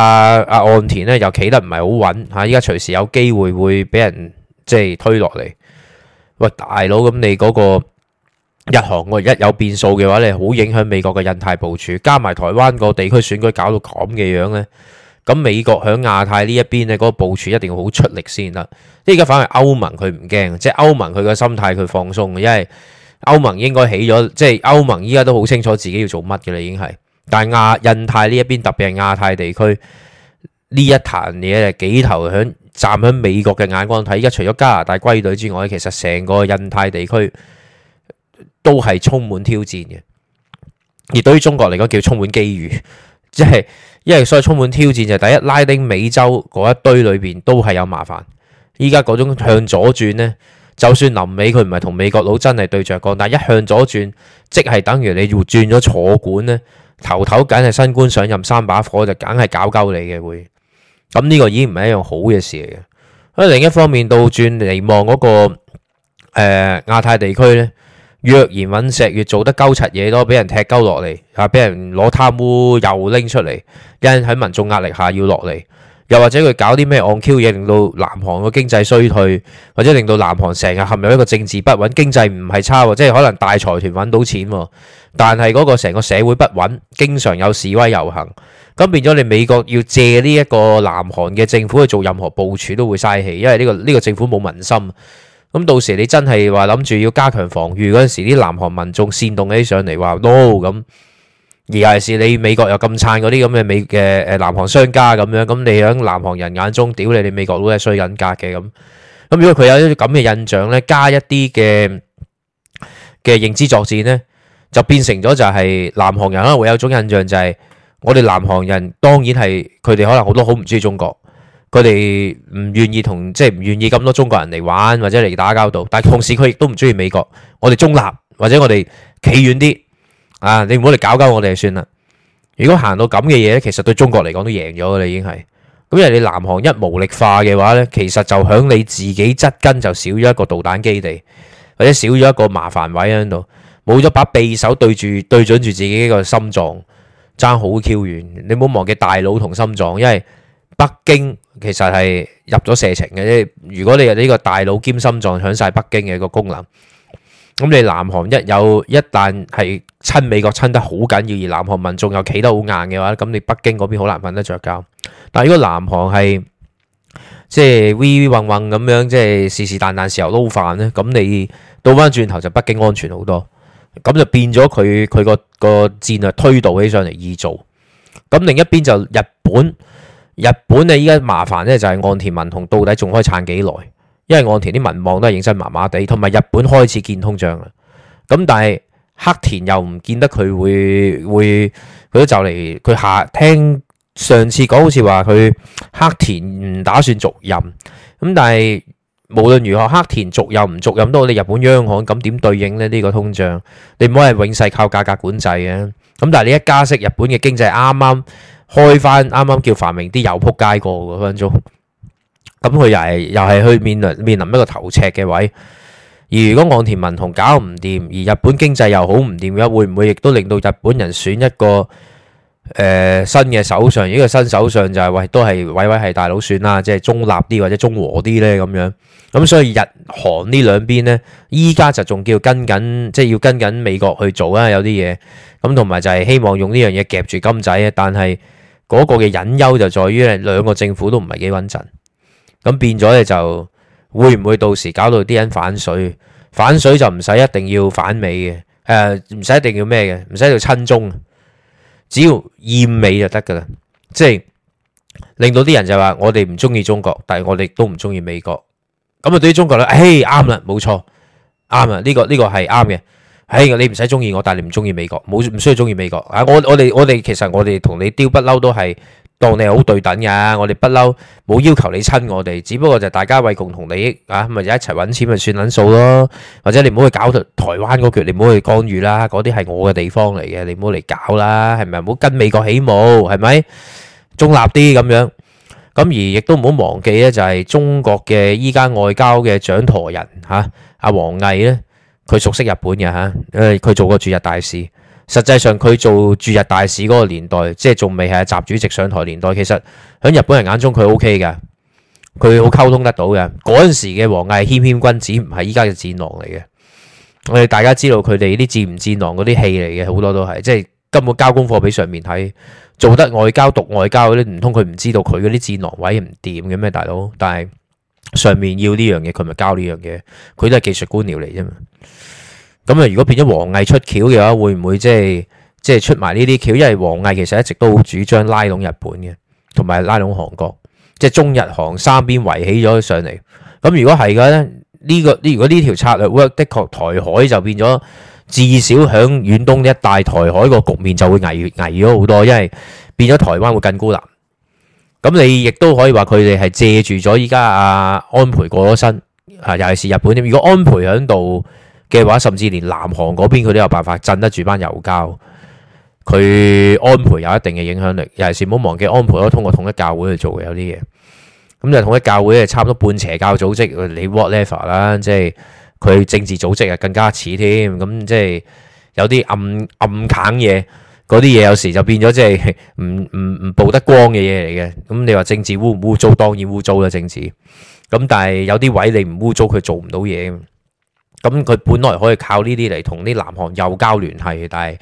阿岸田咧又企得唔係好穩吓，依家隨時有機會會俾人即係推落嚟。喂，大佬，咁你嗰個日韓，我一有變數嘅話咧，你好影響美國嘅印太部署，加埋台灣個地區選舉搞到咁嘅樣咧，咁美國響亞太呢一邊咧，嗰個部署一定要好出力先得。而家反為歐盟佢唔驚，即係歐盟佢個心態佢放鬆，因為。歐盟應該起咗，即係歐盟依家都好清楚自己要做乜嘅啦，已經係。但係亞印太呢一邊特別係亞太地區呢一壇嘢，幾頭響站響美國嘅眼光睇，依家除咗加拿大歸隊之外，其實成個印太地區都係充滿挑戰嘅。而對於中國嚟講，叫充滿機遇，即係因為所以充滿挑戰就係，第一拉丁美洲嗰一堆裏邊都係有麻煩，依家嗰種向左轉呢就算臨尾佢唔係同美國佬真係對着講，但係一向左轉，即係等於你要轉咗坐館呢。頭頭梗係新官上任三把火，就梗係搞鳩你嘅會。咁呢個已經唔係一樣好嘅事嚟嘅。喺另一方面倒轉嚟望嗰、那個誒、呃、亞太地區呢，若然揾食越做得鳩柒嘢都俾人踢鳩落嚟，啊俾人攞貪污又拎出嚟，因喺民眾壓力下要落嚟。又或者佢搞啲咩 on 暗 Q 嘢，令到南韓個經濟衰退，或者令到南韓成日陷入一個政治不穩，經濟唔係差喎，即係可能大財團揾到錢喎，但係嗰個成個社會不穩，經常有示威遊行，咁變咗你美國要借呢一個南韓嘅政府去做任何部署都會嘥氣，因為呢個呢個政府冇民心，咁到時你真係話諗住要加強防禦嗰陣時，啲南韓民眾煽動起上嚟話「No！」咁。而尤其是你美國又咁撐嗰啲咁嘅美嘅誒南韓商家咁樣，咁你喺南韓人眼中，屌你哋美國都係衰人格嘅咁。咁如果佢有一啲咁嘅印象咧，加一啲嘅嘅認知作戰咧，就變成咗就係南韓人可能會有種印象就係，我哋南韓人當然係佢哋可能好多好唔中意中國，佢哋唔願意同即係唔願意咁多中國人嚟玩或者嚟打交道，但同時佢亦都唔中意美國，我哋中立或者我哋企遠啲。啊！你唔好嚟搞搞我哋就算啦。如果行到咁嘅嘢咧，其實對中國嚟講都贏咗啦，已經係。咁因為你南韓一無力化嘅話咧，其實就響你自己側近就少咗一個導彈基地，或者少咗一個麻煩位喺度，冇咗把匕首對住對準住自己呢個心臟爭好 Q 遠。你唔好忘記大腦同心臟，因為北京其實係入咗射程嘅啫。如果你係呢個大腦兼心臟響晒北京嘅一個功能。咁你南韓一有，一旦係親美國親得好緊要，而南韓民眾又企得好硬嘅話，咁你北京嗰邊好難瞓得著覺。但係如果南韓係即係威威運運咁樣，即係時時彈彈時候撈飯咧，咁你倒翻轉頭就北京安全好多。咁就變咗佢佢個個戰略推導起上嚟易做。咁另一邊就日本，日本你依家麻煩咧就係岸田文雄到底仲可以撐幾耐？因為岸田啲民望都係認真麻麻地，同埋日本開始見通脹啊，咁但係黑田又唔見得佢會會佢都就嚟佢下聽上次講好似話佢黑田唔打算續任，咁但係無論如何黑田續又唔續任都好，你日本央行咁點對應呢呢個通脹？你唔可以永世靠價格管制嘅，咁但係你一加息，日本嘅經濟啱啱開翻啱啱叫繁榮啲又撲街過嗰分鐘。咁佢又係又係去面臨面臨一個頭赤嘅位，而如果岸田文雄搞唔掂，而日本經濟又好唔掂嘅，會唔會亦都令到日本人選一個誒、呃、新嘅首相？呢個新首相就係、是、位都係位位係大佬選啦，即係中立啲或者中和啲呢。咁樣。咁所以日韓呢兩邊呢，依家就仲叫跟緊，即係要跟緊美國去做啦，有啲嘢。咁同埋就係希望用呢樣嘢夾住金仔啊，但係嗰個嘅隱憂就在於咧，兩個政府都唔係幾穩陣。咁變咗咧，就會唔會到時搞到啲人反水？反水就唔使一定要反美嘅，誒唔使一定要咩嘅，唔使要親中，只要厭美就得噶啦，即係令到啲人就話我哋唔中意中國，但係我哋都唔中意美國。咁啊，對於中國咧，誒啱啦，冇錯，啱啦，呢個呢個係啱嘅。誒，你唔使中意我，但係你唔中意美國，冇唔需要中意美國。啊，我我哋我哋其實我哋同你丟不嬲都係。當你係好對等嘅，我哋不嬲，冇要求你親我哋，只不過就大家為共同利益啊，咪就一齊搵錢咪算撚數咯。或者你唔好去搞到台灣嗰橛，你唔好去干預啦，嗰啲係我嘅地方嚟嘅，你唔好嚟搞啦，係咪？唔好跟美國起舞，係咪？中立啲咁樣。咁而亦都唔好忘記咧，就係中國嘅依家外交嘅掌舵人吓，阿王毅咧，佢熟悉日本嘅吓，誒，佢做過駐日大使。實際上佢做駐日大使嗰個年代，即係仲未係習主席上台年代，其實喺日本人眼中佢 OK 嘅，佢好溝通得到嘅。嗰陣時嘅王毅謙謙君子，唔係依家嘅戰狼嚟嘅。我哋大家知道佢哋啲戰唔戰狼嗰啲戲嚟嘅，好多都係即係根本交功課俾上面睇，做得外交讀外交嗰啲，唔通佢唔知道佢嗰啲戰狼位唔掂嘅咩大佬？但係上面要呢樣嘢，佢咪交呢樣嘢？佢都係技術官僚嚟啫嘛。咁啊！如果變咗王毅出橋嘅話，會唔會即係即係出埋呢啲橋？因為王毅其實一直都好主張拉攏日本嘅，同埋拉攏韓國，即係中日韓三邊圍起咗上嚟。咁如果係嘅咧，呢個如果呢條策略 work，的確台海就變咗至少響遠東一帶台海個局面就會危危咗好多，因為變咗台灣會更孤單。咁你亦都可以話佢哋係借住咗依家啊安倍過咗身啊，尤其是日本添。如果安倍響度，嘅話，甚至連南韓嗰邊佢都有辦法鎮得住班油膠。佢安倍有一定嘅影響力，尤其是唔好忘記安倍都通過統一教會去做嘅有啲嘢。咁就統一教會係差唔多半邪教組織，你 whatever 啦，即係佢政治組織啊更加似添。咁即係有啲暗暗鏟嘢，嗰啲嘢有時就變咗即係唔唔唔曝得光嘅嘢嚟嘅。咁你話政治污唔污糟，當然污糟啦，政治。咁但係有啲位你唔污糟，佢做唔到嘢。咁佢本來可以靠呢啲嚟同啲南韓幼交聯繫，但係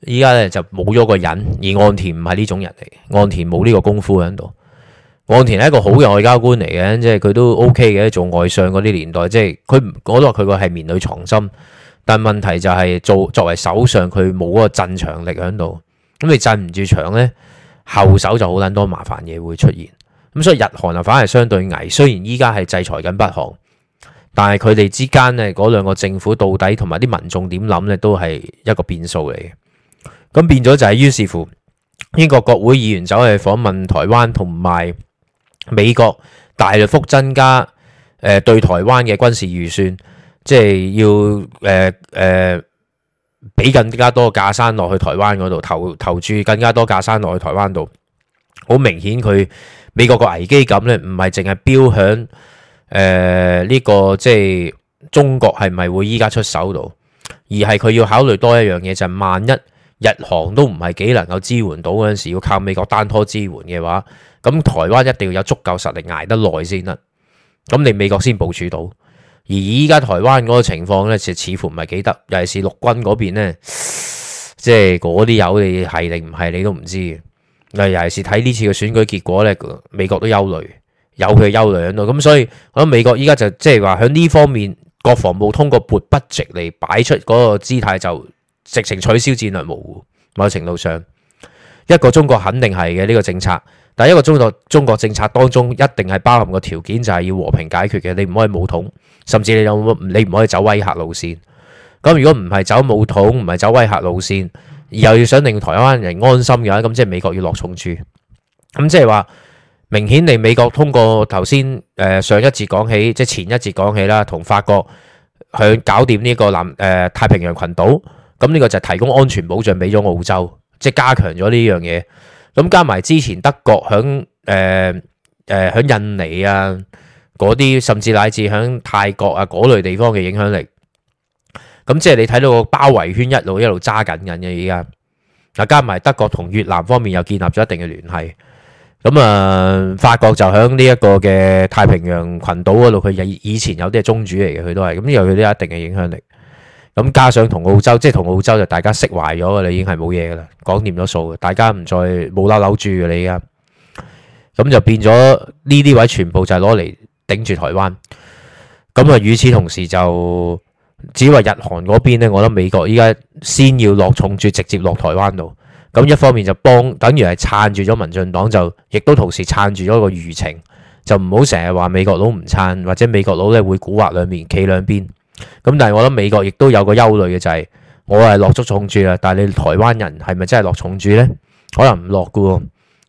依家咧就冇咗個人，而岸田唔係呢種人嚟，岸田冇呢個功夫喺度。岸田係一個好嘅外交官嚟嘅，即係佢都 OK 嘅，做外相嗰啲年代，即係佢我都話佢個係綿裏藏針。但係問題就係做作為首相佢冇嗰個鎮場力喺度，咁你鎮唔住場呢，後手就好撚多麻煩嘢會出現。咁所以日韓啊，反而相對危，雖然依家係制裁緊北韓。但係佢哋之間呢，嗰兩個政府到底同埋啲民眾點諗呢，都係一個變數嚟嘅。咁變咗就係，於是乎，英國國會議員走去訪問台灣，同埋美國大力幅增加誒、呃、對台灣嘅軍事預算，即係要誒誒俾更加多架生落去台灣嗰度投投注，更加多架生落去台灣度。好明顯，佢美國個危機感呢，唔係淨係標響。誒，呢、呃這個即係中國係咪會依家出手到？而係佢要考慮多一樣嘢，就係、是、萬一日韓都唔係幾能夠支援到嗰陣時，要靠美國單拖支援嘅話，咁台灣一定要有足夠實力捱得耐先得。咁你美國先部署到。而依家台灣嗰個情況呢，似似乎唔係幾得，尤其是陸軍嗰邊呢，即係嗰啲友你係定唔係你都唔知嘅。尤其是睇呢次嘅選舉結果呢，美國都憂慮。有佢嘅優良咯，咁所以我諗美國依家就即係話喺呢方面，國防部通過撥筆直嚟擺出嗰個姿態，就直情取消戰略模糊。某程度上，一個中國肯定係嘅呢個政策，但係一個中國中國政策當中一定係包含個條件，就係要和平解決嘅，你唔可以武統，甚至你有你唔可以走威嚇路線。咁如果唔係走武統，唔係走威嚇路線，而又要想令台灣人安心嘅話，咁即係美國要落重注，咁即係話。明顯地，美國通過頭先誒上一節講起，即係前一節講起啦，同法國響搞掂呢個南誒太平洋群島，咁呢個就提供安全保障俾咗澳洲，即係加強咗呢樣嘢。咁加埋之前德國響誒誒響印尼啊嗰啲，甚至乃至響泰國啊嗰類地方嘅影響力，咁即係你睇到個包圍圈一路一路揸緊緊嘅。依家嗱，加埋德國同越南方面又建立咗一定嘅聯繫。咁啊，法國就喺呢一個嘅太平洋群島嗰度，佢以前有啲係宗主嚟嘅，佢都係咁，因為佢都有一定嘅影響力。咁加上同澳洲，即係同澳洲就大家釋懷咗啊，你已經係冇嘢噶啦，講掂咗數，大家唔再冇溜溜住噶你而家。咁就變咗呢啲位全部就係攞嚟頂住台灣。咁啊，與此同時就只話日韓嗰邊呢，我諗美國依家先要落重注直接落台灣度。咁一方面就幫，等於係撐住咗民進黨就，就亦都同時撐住咗個輿情，就唔好成日話美國佬唔撐，或者美國佬咧會蠱惑兩面企兩邊。咁但係我覺得美國亦都有個憂慮嘅就係、是，我係落足重注啦，但係你台灣人係咪真係落重注呢？可能唔落嘅喎，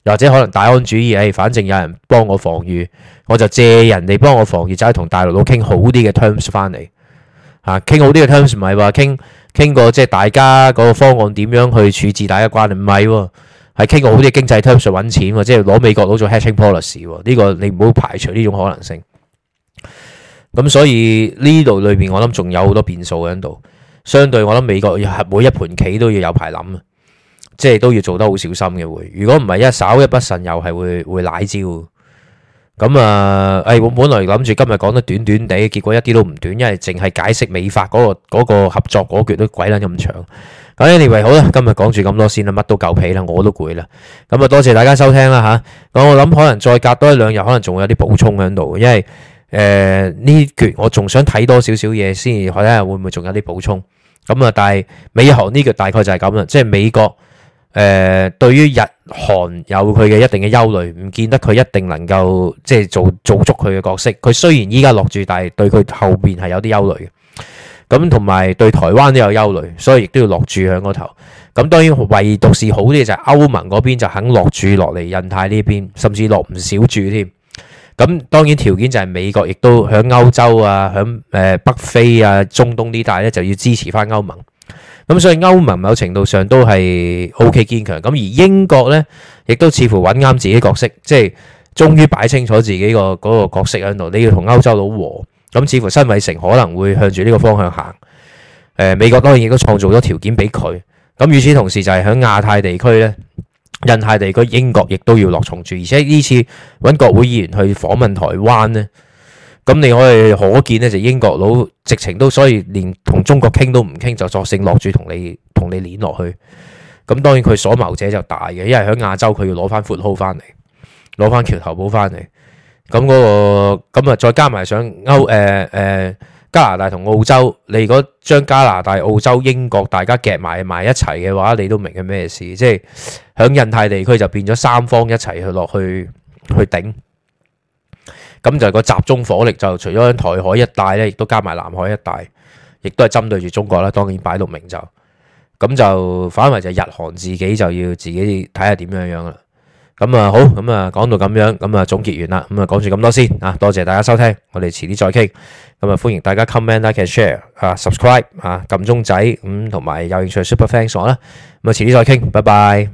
或者可能大安主義，誒、哎，反正有人幫我防禦，我就借人哋幫我防禦，就係同大陸佬傾好啲嘅 terms 翻嚟，嚇、啊、傾好啲嘅 terms，唔係話傾。傾過即係大家嗰個方案點樣去處置大家關係唔係喎，係傾、哦、過好似經濟 terms 上搵錢喎，即係攞美國佬做 hatching policy 喎，呢個你唔好排除呢種可能性。咁所以呢度裏面我諗仲有好多變數喺度，相對我諗美國係每一盤棋都要有排諗啊，即係都要做得好小心嘅會，如果唔係一稍一不慎又係會會瀨招。咁啊，誒，我本來諗住今日講得短短地，結果一啲都唔短，因為淨係解釋美法嗰個嗰個合作嗰橛都鬼捻咁長。Anyway，好啦，今日講住咁多先啦，乜都夠皮啦，我都攰啦。咁啊，多謝大家收聽啦吓。咁我諗可能再隔多一兩日，可能仲會有啲補充喺度，因為誒呢橛我仲想睇多少少嘢先睇下會唔會仲有啲補充。咁啊，但係美韓呢橛大概就係咁啦，即係美國。誒、呃，對於日韓有佢嘅一定嘅憂慮，唔見得佢一定能夠即係做做足佢嘅角色。佢雖然依家落住，但係對佢後邊係有啲憂慮嘅。咁同埋對台灣都有憂慮，所以亦都要落住喺嗰頭。咁當然唯獨是好啲嘅就係歐盟嗰邊就肯落住落嚟，印太呢邊甚至落唔少住添。咁當然條件就係美國亦都響歐洲啊，響誒、呃、北非啊、中東呢帶咧就要支持翻歐盟。咁所以歐盟某程度上都係 OK 堅強，咁而英國呢，亦都似乎揾啱自己角色，即係終於擺清楚自己個嗰個角色喺度。你要同歐洲佬和，咁似乎辛偉誠可能會向住呢個方向行。誒、呃，美國當然亦都創造咗條件俾佢。咁與此同時就係喺亞太地區呢，印太地區英國亦都要落重注，而且呢次揾國會議員去訪問台灣呢，咁你可以可見咧，就是、英國佬直情都，所以連同中國傾都唔傾，就作性落住同你同你攣落去。咁當然佢所謀者就大嘅，因為喺亞洲佢要攞翻闊號翻嚟，攞翻橋頭堡翻嚟。咁嗰、那個咁啊，再加埋上，上歐誒誒、呃呃、加拿大同澳洲。你如果將加拿大、澳洲、英國大家夾埋埋一齊嘅話，你都明係咩事？即係喺印太地區就變咗三方一齊去落去去頂。咁就係個集中火力就除咗喺台海一帶咧，亦都加埋南海一帶，亦都係針對住中國啦。當然擺到明就咁就反為就日韓自己就要自己睇下點樣樣啦。咁啊好，咁啊講到咁樣，咁啊總結完啦。咁啊講住咁多先啊，多謝大家收聽。我哋遲啲再傾。咁啊歡迎大家 comment、like、share 啊、subscribe 啊、撳、啊、鐘仔，咁同埋有興趣 superfans 啦。咁啊遲啲再傾，拜拜。